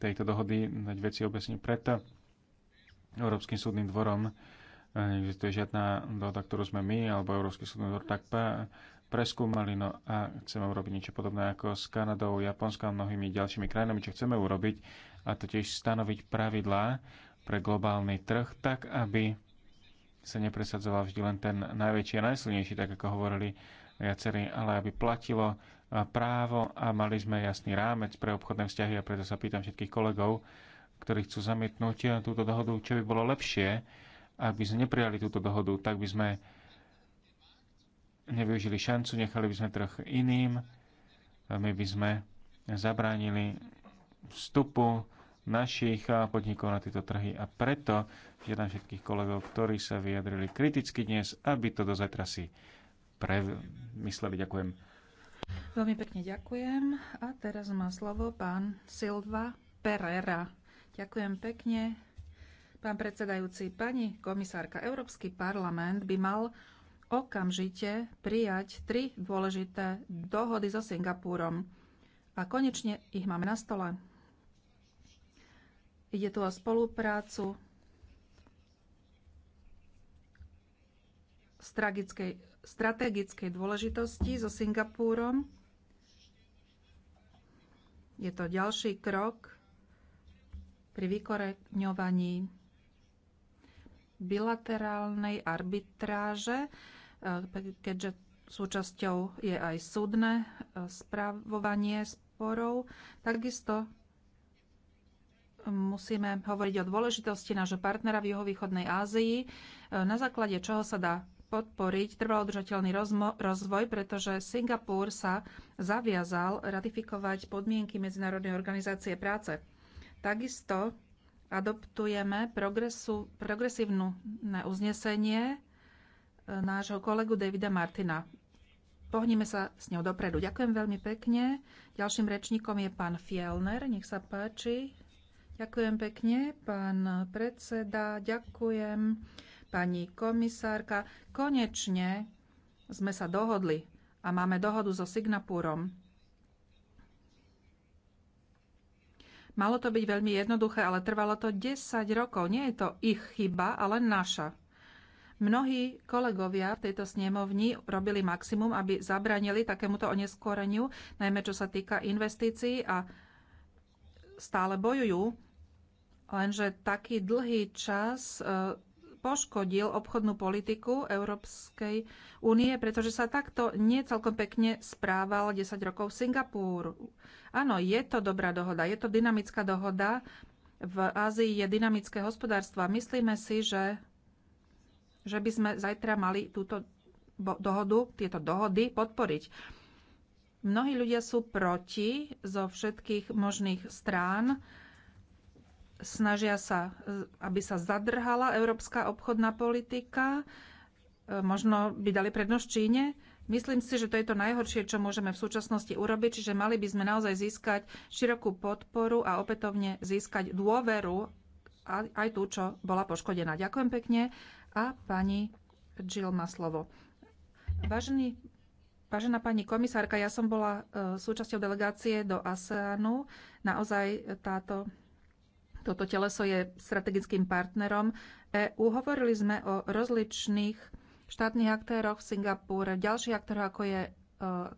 tejto dohody dať veci obecne pred Európskym súdnym dvorom. Neexistuje žiadna dohoda, ktorú sme my alebo Európsky súdny dvor tak preskúmali, no a chceme urobiť niečo podobné ako s Kanadou, Japonskou a mnohými ďalšími krajinami, čo chceme urobiť, a totiž stanoviť pravidlá pre globálny trh tak, aby sa nepresadzoval vždy len ten najväčší a najsilnejší, tak ako hovorili viacerí, ale aby platilo právo a mali sme jasný rámec pre obchodné vzťahy a preto sa pýtam všetkých kolegov, ktorí chcú zamietnúť túto dohodu, čo by bolo lepšie, ak by sme neprijali túto dohodu, tak by sme nevyužili šancu, nechali by sme trh iným, my by sme zabránili vstupu našich podnikov na tieto trhy. A preto žiadam všetkých kolegov, ktorí sa vyjadrili kriticky dnes, aby to do zajtra si premysleli. Ďakujem. Veľmi pekne ďakujem. A teraz má slovo pán Silva Pereira. Ďakujem pekne. Pán predsedajúci, pani komisárka, Európsky parlament by mal okamžite prijať tri dôležité dohody so Singapúrom. A konečne ich máme na stole. Ide tu o spoluprácu tragickej, strategickej dôležitosti so Singapúrom. Je to ďalší krok pri vykoreňovaní bilaterálnej arbitráže, e, keďže súčasťou je aj súdne e, správovanie sporov. Takisto musíme hovoriť o dôležitosti nášho partnera v juhovýchodnej Ázii, e, na základe čoho sa dá podporiť trvalodržateľný rozvoj, pretože Singapur sa zaviazal ratifikovať podmienky Medzinárodnej organizácie práce. Takisto adoptujeme progresu, progresívnu uznesenie e, nášho kolegu Davida Martina. Pohníme sa s ňou dopredu. Ďakujem veľmi pekne. Ďalším rečníkom je pán Fielner. Nech sa páči. Ďakujem pekne, pán predseda, ďakujem, pani komisárka. Konečne sme sa dohodli a máme dohodu so Signapúrom. Malo to byť veľmi jednoduché, ale trvalo to 10 rokov. Nie je to ich chyba, ale naša. Mnohí kolegovia v tejto snemovni robili maximum, aby zabranili takémuto oneskoreniu, najmä čo sa týka investícií a stále bojujú Lenže taký dlhý čas e, poškodil obchodnú politiku Európskej únie, pretože sa takto nie celkom pekne správal 10 rokov Singapúru. Áno, je to dobrá dohoda, je to dynamická dohoda. V Ázii je dynamické hospodárstvo a myslíme si, že, že by sme zajtra mali túto dohodu, tieto dohody podporiť. Mnohí ľudia sú proti zo všetkých možných strán snažia sa, e, aby sa zadrhala európska obchodná politika. E, možno by dali prednosť Číne. Myslím si, že to je to najhoršie, čo môžeme v súčasnosti urobiť, čiže mali by sme naozaj získať širokú podporu a opätovne získať dôveru aj tú, čo bola poškodená. Ďakujem pekne a pani Jill má slovo. Vážený, vážená pani komisárka, ja som bola e, súčasťou delegácie do ASEANu. Naozaj táto toto teleso je strategickým partnerom EU. Hovorili sme o rozličných štátnych aktéroch v Singapúre, ďalších aktéroch, ako, je, e,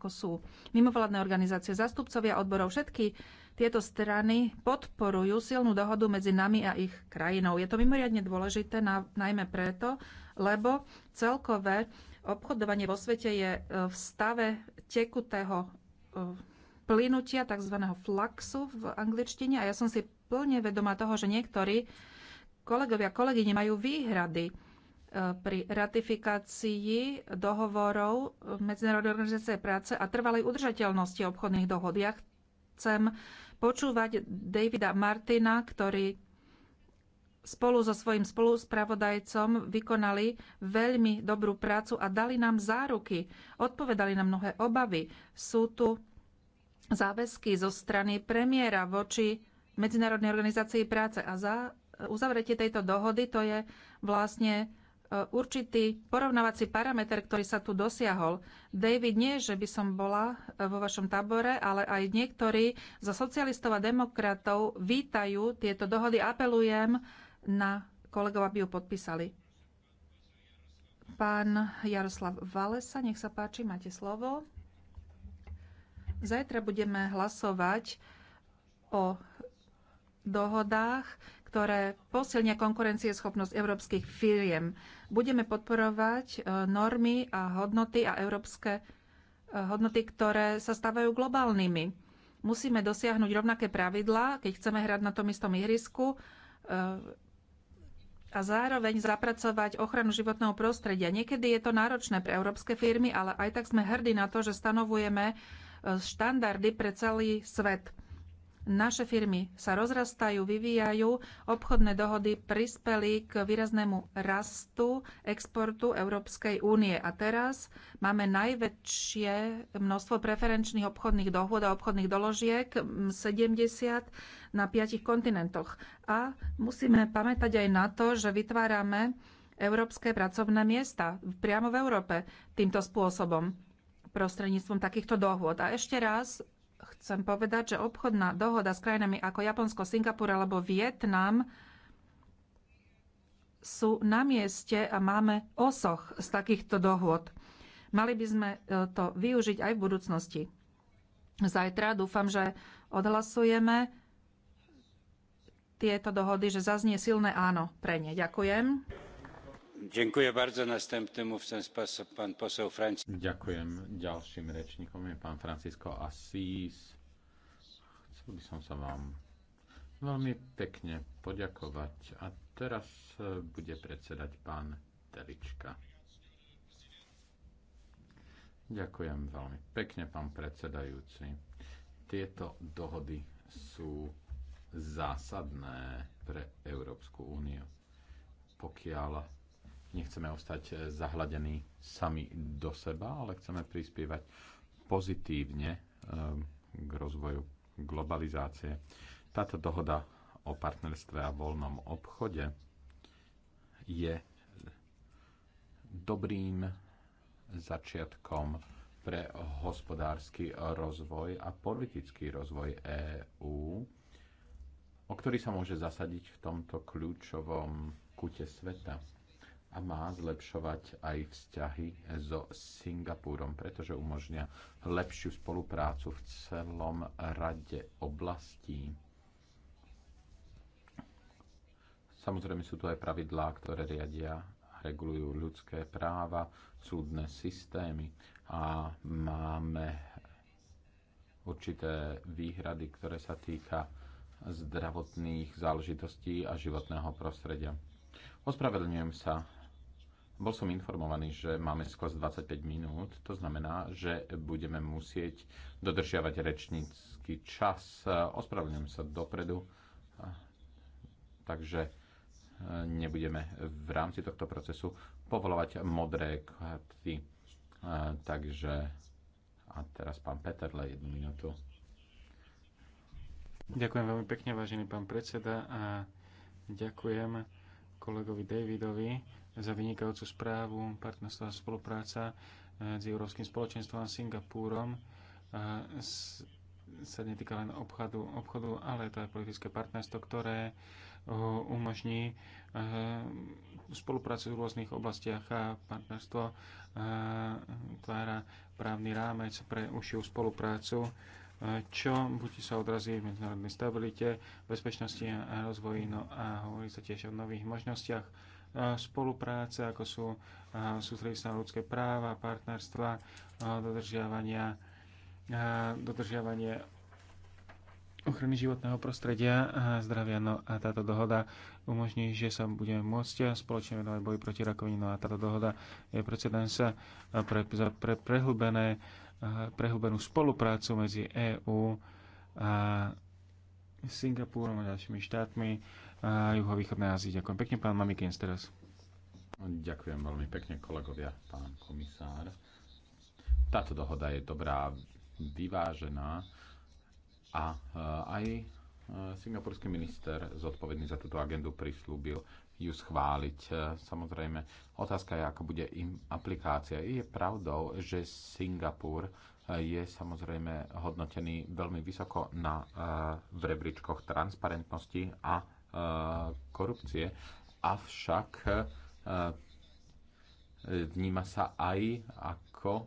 ako sú mimovládne organizácie, zastupcovia odborov. Všetky tieto strany podporujú silnú dohodu medzi nami a ich krajinou. Je to mimoriadne dôležité, najmä preto, lebo celkové obchodovanie vo svete je e, v stave tekutého e, plynutia, tzv. flaxu v angličtine. A ja som si plne vedomá toho, že niektorí kolegovia, kolegy majú výhrady e, pri ratifikácii dohovorov Medzinárodnej organizácie práce a trvalej udržateľnosti obchodných dohod. Ja chcem počúvať Davida Martina, ktorý spolu so svojím spoluspravodajcom vykonali veľmi dobrú prácu a dali nám záruky, odpovedali na mnohé obavy. Sú tu záväzky zo strany premiéra voči Medzinárodnej organizácii práce. A za e, uzavretie tejto dohody to je vlastne e, určitý porovnávací parameter, ktorý sa tu dosiahol. David, nie, že by som bola e, vo vašom tábore, ale aj niektorí zo socialistov a demokratov vítajú tieto dohody. Apelujem na kolegov, aby ju podpísali. Pán Jaroslav Valesa, nech sa páči, máte slovo. Zajtra budeme hlasovať o dohodách, ktoré posilnia konkurencieschopnosť európskych firiem. Budeme podporovať e, normy a hodnoty a európske e, hodnoty, ktoré sa stávajú globálnymi. Musíme dosiahnuť rovnaké pravidlá, keď chceme hrať na tom istom ihrisku e, a zároveň zapracovať ochranu životného prostredia. Niekedy je to náročné pre európske firmy, ale aj tak sme hrdí na to, že stanovujeme štandardy pre celý svet. Naše firmy sa rozrastajú, vyvíjajú. Obchodné dohody prispeli k výraznému rastu exportu Európskej únie. A teraz máme najväčšie množstvo preferenčných obchodných dohôd a obchodných doložiek, 70 na piatich kontinentoch. A musíme pamätať aj na to, že vytvárame európske pracovné miesta priamo v Európe týmto spôsobom prostredníctvom takýchto dohôd. A ešte raz chcem povedať, že obchodná dohoda s krajinami ako Japonsko, Singapur alebo Vietnam sú na mieste a máme osoch z takýchto dohôd. Mali by sme e, to využiť aj v budúcnosti. Zajtra dúfam, že odhlasujeme tieto dohody, že zaznie silné áno pre ne. Ďakujem. Ďakujem. Ďalším rečníkom je pán Francisco Asís. Chcel by som sa vám veľmi pekne poďakovať. A teraz e, bude predsedať pán Telička. Ďakujem veľmi pekne, pán predsedajúci. Tieto dohody sú zásadné pre Európsku úniu. Pokiaľ Nechceme ostať e, zahladení sami do seba, ale chceme prispievať pozitívne e, k rozvoju globalizácie. Táto dohoda o partnerstve a voľnom obchode je dobrým začiatkom pre hospodársky rozvoj a politický rozvoj EÚ, o ktorý sa môže zasadiť v tomto kľúčovom kute sveta a má zlepšovať aj vzťahy so Singapurom, pretože umožňa lepšiu spoluprácu v celom rade oblastí. Samozrejme sú tu aj pravidlá, ktoré riadia a regulujú ľudské práva, súdne systémy a máme určité výhrady, ktoré sa týka zdravotných záležitostí a životného prostredia. Ospravedlňujem sa bol som informovaný, že máme skôr 25 minút, to znamená, že budeme musieť dodržiavať rečnícky čas. Ospravedlňujem sa dopredu, takže e, nebudeme v rámci tohto procesu povolovať modré karty. E, takže a teraz pán Peterle jednu minútu. Ďakujem veľmi pekne, vážený pán predseda, a ďakujem kolegovi Davidovi za vynikajúcu správu partnerstvo a spolupráca medzi eh, Európskym spoločenstvom a Singapúrom sa netýka len obchodu, obchodu, ale to je politické partnerstvo, ktoré eh, umožní eh, spoluprácu v rôznych oblastiach a partnerstvo tvára právny rámec pre užšiu spoluprácu, čo buď sa odrazí v medzinárodnej stabilite, bezpečnosti a rozvoji, no a hovorí sa tiež o nových možnostiach spolupráce, ako sú sústrediť na ľudské práva, partnerstva, dodržiavania, dodržiavanie ochrany životného prostredia a zdravia. No a táto dohoda umožní, že sa budeme môcť spoločne venovať boji proti rakovine. No a táto dohoda je precedens pre, za pre, prehlbené, prehlbenú spoluprácu medzi EÚ a Singapúrom a ďalšími štátmi juhovýchodnej Ázii. Ďakujem pekne, pán Mamikins teraz. No, ďakujem veľmi pekne, kolegovia, pán komisár. Táto dohoda je dobrá, vyvážená a eh, aj eh, singapurský minister zodpovedný za túto agendu prislúbil ju schváliť. Eh, samozrejme, otázka je, ako bude im aplikácia. Je pravdou, že Singapur je samozrejme hodnotený veľmi vysoko na, v rebríčkoch transparentnosti a korupcie, avšak e, vníma sa aj ako e,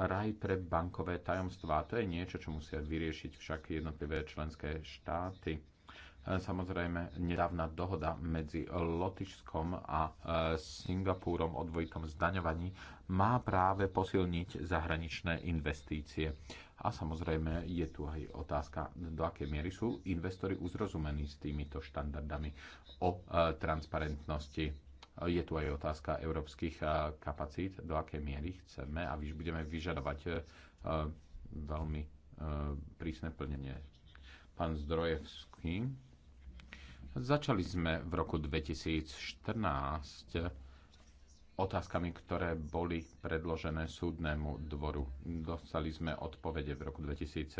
raj pre bankové tajomstvá. To je niečo, čo musia vyriešiť však jednotlivé členské štáty. E, samozrejme, nedávna dohoda medzi Lotyšskom a Singapúrom o dvojitom zdaňovaní má práve posilniť zahraničné investície. A samozrejme je tu aj otázka, do akej miery sú investori uzrozumení s týmito štandardami o e, transparentnosti. Je tu aj otázka európskych e, kapacít, do akej miery chceme a budeme vyžadovať e, veľmi prísne plnenie. Pán Zdrojevský. Začali sme v roku 2014 otázkami, ktoré boli predložené súdnemu dvoru. Dostali sme odpovede v roku 2017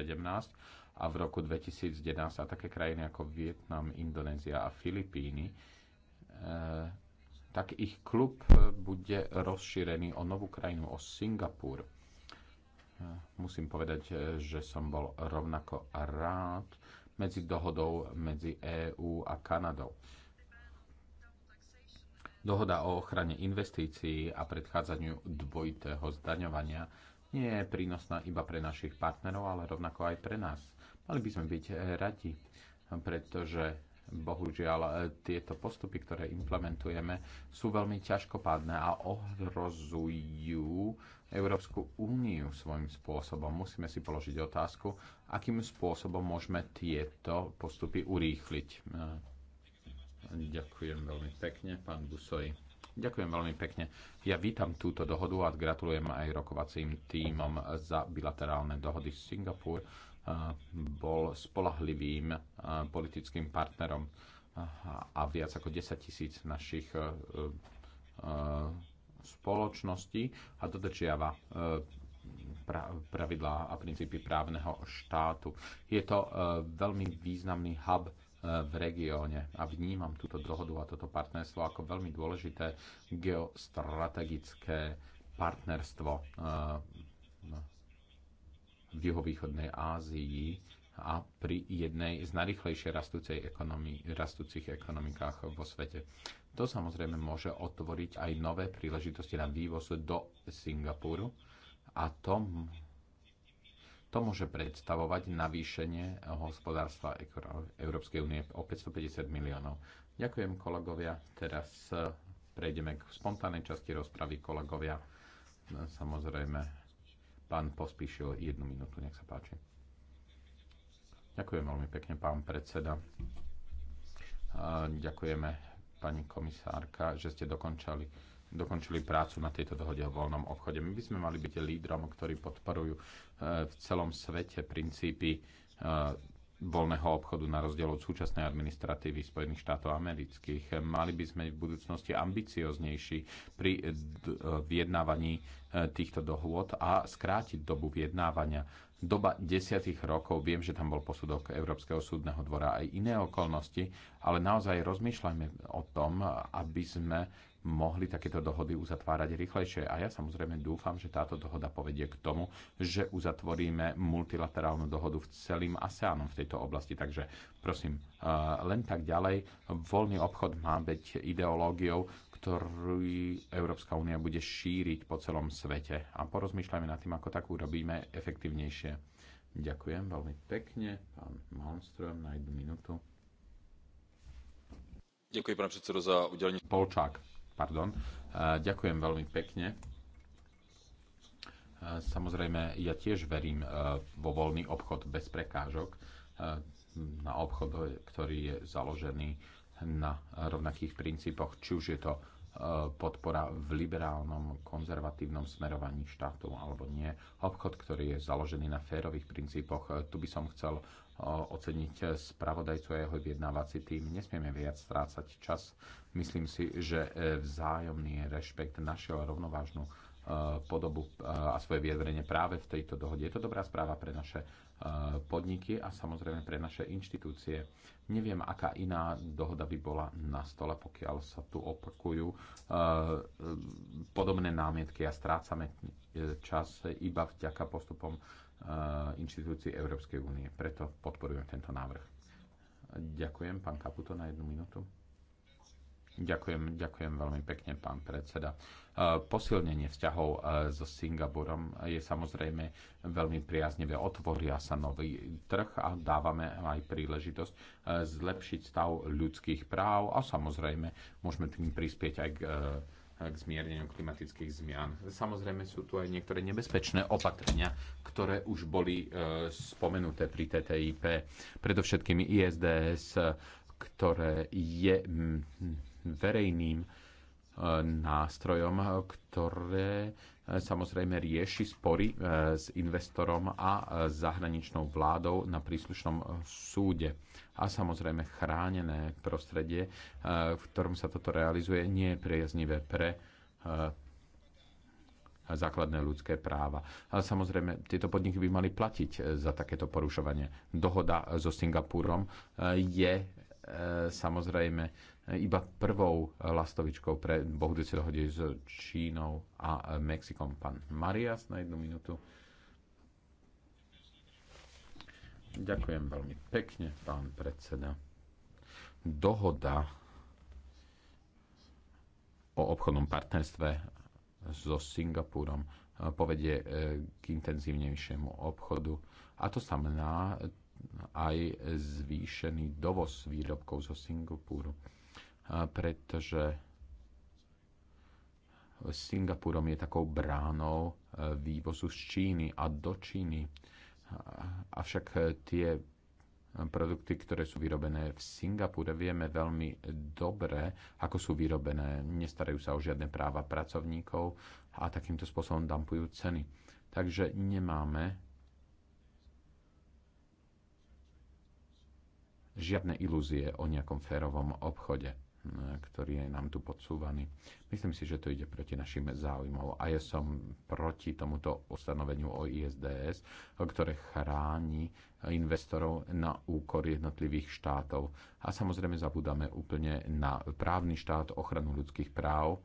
a v roku 2011 a také krajiny ako Vietnam, Indonézia a Filipíny, eh, tak ich klub bude rozšírený o novú krajinu, o Singapur. Eh, musím povedať, eh, že som bol rovnako rád medzi dohodou medzi EÚ a Kanadou Dohoda o ochrane investícií a predchádzaniu dvojitého zdaňovania nie je prínosná iba pre našich partnerov, ale rovnako aj pre nás. Mali by sme byť eh, radi, pretože bohužiaľ eh, tieto postupy, ktoré implementujeme, sú veľmi ťažkopádne a ohrozujú Európsku úniu svojím spôsobom. Musíme si položiť otázku, akým spôsobom môžeme tieto postupy urýchliť. Eh, Ďakujem veľmi pekne, pán Busoj. Ďakujem veľmi pekne. Ja vítam túto dohodu a gratulujem aj rokovacím týmom za bilaterálne dohody. Singapur bol spolahlivým politickým partnerom a viac ako 10 tisíc našich spoločností a dodržiava pravidlá a princípy právneho štátu. Je to veľmi významný hub v regióne. A vnímam túto dohodu a toto partnerstvo ako veľmi dôležité geostrategické partnerstvo eh, v juhovýchodnej Ázii a pri jednej z najrychlejšie rastúcej rastúcich ekonomikách vo svete. To samozrejme môže otvoriť aj nové príležitosti na vývoz do Singapuru a to to môže predstavovať navýšenie hospodárstva Európskej únie o 550 miliónov. Ďakujem kolegovia. Teraz e, prejdeme k spontánnej časti rozpravy kolegovia. E, samozrejme, pán pospíšil jednu minútu, nech sa páči. Ďakujem veľmi pekne, pán predseda. E, ďakujeme, pani komisárka, že ste dokončali dokončili prácu na tejto dohode o voľnom obchode. My by sme mali byť lídrom, ktorí podporujú e, v celom svete princípy e, voľného obchodu na rozdiel od súčasnej administratívy Spojených štátov amerických. Mali by sme v budúcnosti ambicioznejší pri e, vyjednávaní týchto dohôd a skrátiť dobu vyjednávania. Doba desiatých rokov, viem, že tam bol posudok Európskeho súdneho dvora aj iné okolnosti, ale naozaj rozmýšľajme o tom, aby sme mohli takéto dohody uzatvárať rýchlejšie. A ja samozrejme dúfam, že táto dohoda povedie k tomu, že uzatvoríme multilaterálnu dohodu v celým ASEANom v tejto oblasti. Takže prosím, eh, len tak ďalej. Voľný obchod má byť ideológiou, ktorú Európska únia bude šíriť po celom svete. A porozmýšľajme nad tým, ako tak urobíme efektívnejšie. Ďakujem veľmi pekne. Pán Malmström, na jednu minútu. Ďakujem, pán predsedo, za udelenie. Polčák. Pardon. Ďakujem veľmi pekne. Samozrejme, ja tiež verím e, vo voľný obchod bez prekážok e, na obchod, ktorý je založený na rovnakých princípoch, či už je to e, podpora v liberálnom, konzervatívnom smerovaní štátu alebo nie. Obchod, ktorý je založený na férových princípoch, tu by som chcel oceniť spravodajcu a jeho vyjednávací tým. Nesmieme viac strácať čas. Myslím si, že e, vzájomný rešpekt našiel rovnovážnu e, podobu e, a svoje vyjadrenie práve v tejto dohode. Je to dobrá správa pre naše podniky a samozrejme pre naše inštitúcie. Neviem, aká iná dohoda by bola na stole, pokiaľ sa tu opakujú eh, podobné námietky a strácame eh, čas iba vďaka postupom eh, inštitúcií Európskej únie. Preto podporujem tento návrh. Ďakujem, pán Kaputo, na jednu minútu. Ďakujem, ďakujem veľmi pekne, pán predseda. E, posilnenie vzťahov e, so Singapurom je samozrejme veľmi priaznivé. Otvoria sa nový trh a dávame aj príležitosť e, zlepšiť stav ľudských práv a samozrejme môžeme tým prispieť aj k k zmierneniu klimatických zmian. Samozrejme sú tu aj niektoré nebezpečné opatrenia, ktoré už boli e, spomenuté pri TTIP, predovšetkým ISDS, ktoré je verejným eh, nástrojom, ktoré eh, samozrejme rieši spory eh, s investorom a zahraničnou vládou na príslušnom súde. A samozrejme chránené prostredie, v ktorom sa toto realizuje, nie je priaznivé pre základné ľudské práva. A samozrejme, tieto podniky by mali platiť za takéto porušovanie. Dohoda so Singapurom je samozrejme iba prvou eh, lastovičkou pre budúce dohode s Čínou a eh, Mexikom. Pán Marias na jednu minútu. Ďakujem veľmi pekne, pán predseda. Dohoda o obchodnom partnerstve so Singapurom eh, povedie k intenzívnejšiemu obchodu a to znamená aj zvýšený dovoz výrobkov zo Singapuru pretože Singapurom je takou bránou e, vývozu z Číny a do Číny. Avšak e, tie produkty, ktoré sú vyrobené v Singapúre, vieme veľmi dobre, ako sú vyrobené. Nestarajú sa o žiadne práva pracovníkov a takýmto spôsobom dampujú ceny. Takže nemáme žiadne ilúzie o nejakom férovom obchode. Eh, ktorý je nám tu podsúvaný. Myslím si, že to ide proti našim záujmov a ja som proti tomuto ustanoveniu o ISDS, ktoré chráni investorov na úkor jednotlivých štátov. A samozrejme zabudáme úplne na právny štát, ochranu ľudských práv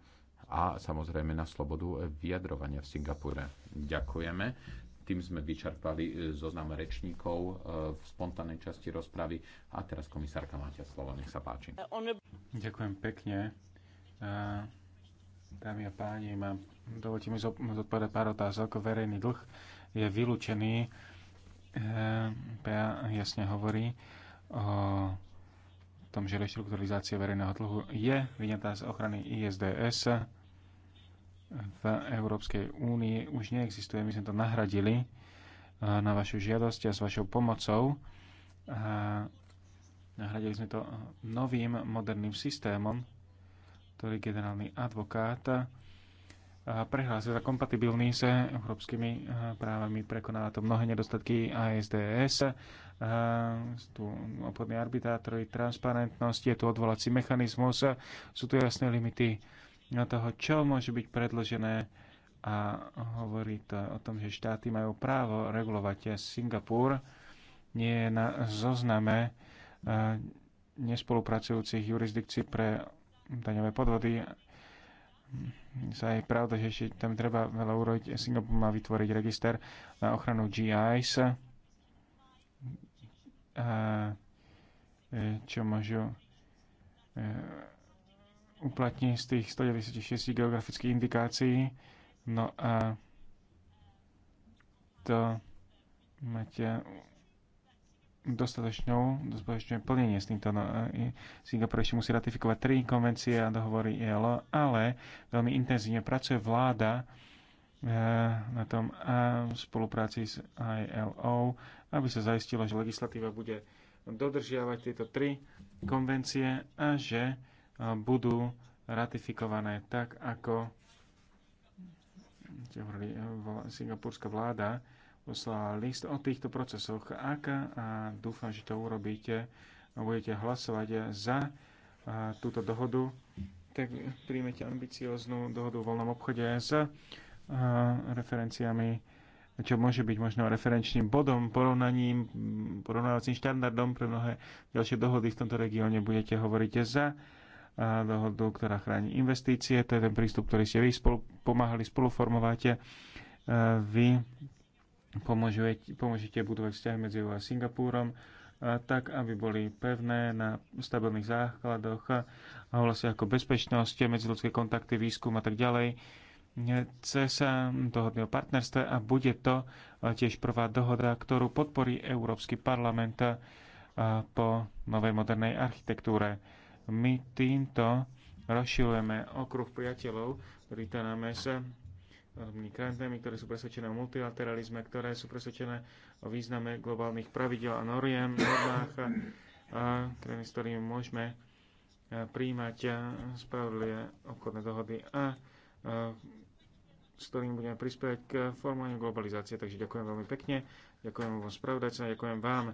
a samozrejme na slobodu vyjadrovania v Singapúre. Ďakujeme. Tým sme vyčerpali e, zoznam rečníkov e, v spontánnej časti rozpravy. A teraz komisárka máte slovo, nech sa páči. Ďakujem pekne. E, dámy a páni, mám, dovolte mi zodpovedať pár otázok. Verejný dlh je vylúčený. PA jasne hovorí o tom, že reštrukturalizácia verejného dlhu je vyňatá z ochrany ISDS v Európskej únii už neexistuje. My sme to nahradili eh, na vašu žiadosť a s vašou pomocou. A nahradili sme to novým moderným systémom, ktorý generálny advokát eh, prehlásil za kompatibilný s európskymi eh, právami, prekonáva to mnohé nedostatky ASDS, tu obchodní arbitátory, transparentnosť, je tu odvolací mechanizmus, sú tu jasné limity na toho, čo môže byť predložené a hovorí to o tom, že štáty majú právo regulovať. Singapur nie je na zozname eh, nespolupracujúcich jurisdikcií pre daňové podvody. Sa je pravda, že ešte tam treba veľa urobiť. Singapur má vytvoriť register na ochranu GIs, eh, eh, čo môžu uplatní z tých 196 geografických indikácií. No a to máte dostatočnou, dostatočné plnenie s týmto. No, Singapur ešte musí ratifikovať tri konvencie a dohovory ILO, ale veľmi intenzívne pracuje vláda eh, na tom a v spolupráci s ILO, aby sa zaistilo, že legislatíva bude dodržiavať tieto tri konvencie a že budú ratifikované tak, ako eh, singapúrska vláda poslala list o týchto procesoch. Ak a dúfam, že to urobíte a budete hlasovať za eh, túto dohodu, tak príjmete ambicióznu dohodu o voľnom obchode s eh, referenciami, čo môže byť možno referenčným bodom, porovnaním, porovnávacím štandardom pre mnohé ďalšie dohody v tomto regióne. Budete hovoriť za dohodu, ktorá chráni investície. To je ten prístup, ktorý ste vy spolu, pomáhali spoluformovať. E, vy pomôžete budovať vzťahy medzi EU a Singapúrom e, tak, aby boli pevné na stabilných základoch a vlastne ako bezpečnosť, medziludské kontakty, výskum a tak ďalej e, cez dohodného partnerstva a bude to tiež prvá dohoda, ktorú podporí Európsky parlament po novej modernej architektúre my týmto rozširujeme okruh priateľov, pritanáme sa eh, migrantami, ktoré sú presvedčené o multilateralizme, ktoré sú presvedčené o význame globálnych pravidel a noriem, normách, a, eh, a, ktorými, s ktorými môžeme eh, príjmať spravodlivé obchodné dohody a, a s ktorým budeme prispievať k formovaniu globalizácie. Takže ďakujem veľmi pekne, ďakujem vám spravodajcom, ďakujem vám,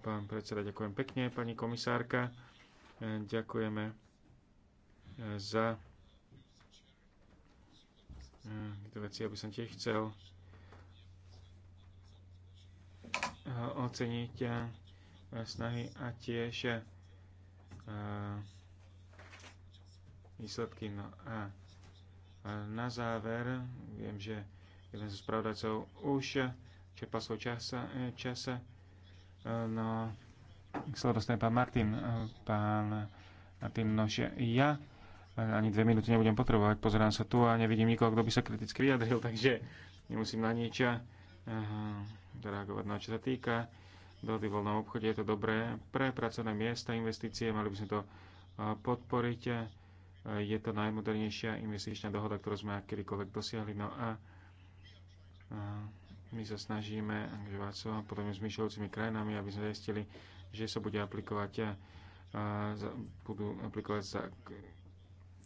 pán predseda, ďakujem pekne, pani komisárka. Ďakujeme eh, za tieto eh, veci, aby som tiež chcel eh, oceniť snahy a tiež výsledky. No a na záver, viem, že jeden zo spravodajcov už čerpal svoj čas, čas no slovo dostane pán Martin. Pán Martin, nože ja e, ani dve minúty nebudem potrebovať. Pozerám sa tu a nevidím nikoho, kto by sa kriticky vyjadril, takže nemusím na nič reagovať. na čo sa týka dohody voľnom obchode, je to dobré pre pracovné miesta, investície, mali by sme to e, podporiť. E, je to najmodernejšia investičná dohoda, ktorú sme kedykoľvek dosiahli. No a my sa snažíme angažovať sa podobne s myšľujúcimi krajinami, aby sme zistili že sa bude aplikovať, eh, budú aplikovať za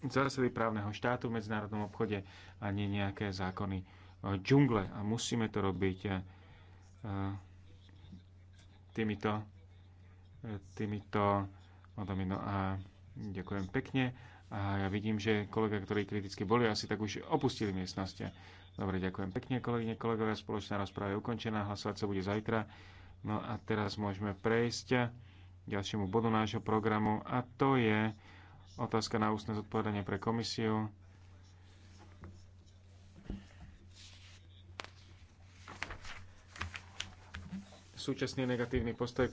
zásady právneho štátu v medzinárodnom obchode a nie nejaké zákony džungle. A musíme to robiť eh, týmito, eh, týmito no a ďakujem pekne. A ja vidím, že kolega, ktorí kriticky boli, asi tak už opustili miestnosti. Dobre, ďakujem pekne, kolegyne, kolegovia. Spoločná rozpráva je ukončená. Hlasovať sa bude zajtra. No a teraz môžeme prejsť k ďalšiemu bodu nášho programu a to je otázka na ústne zodpovedanie pre komisiu. Súčasný negatívny postoj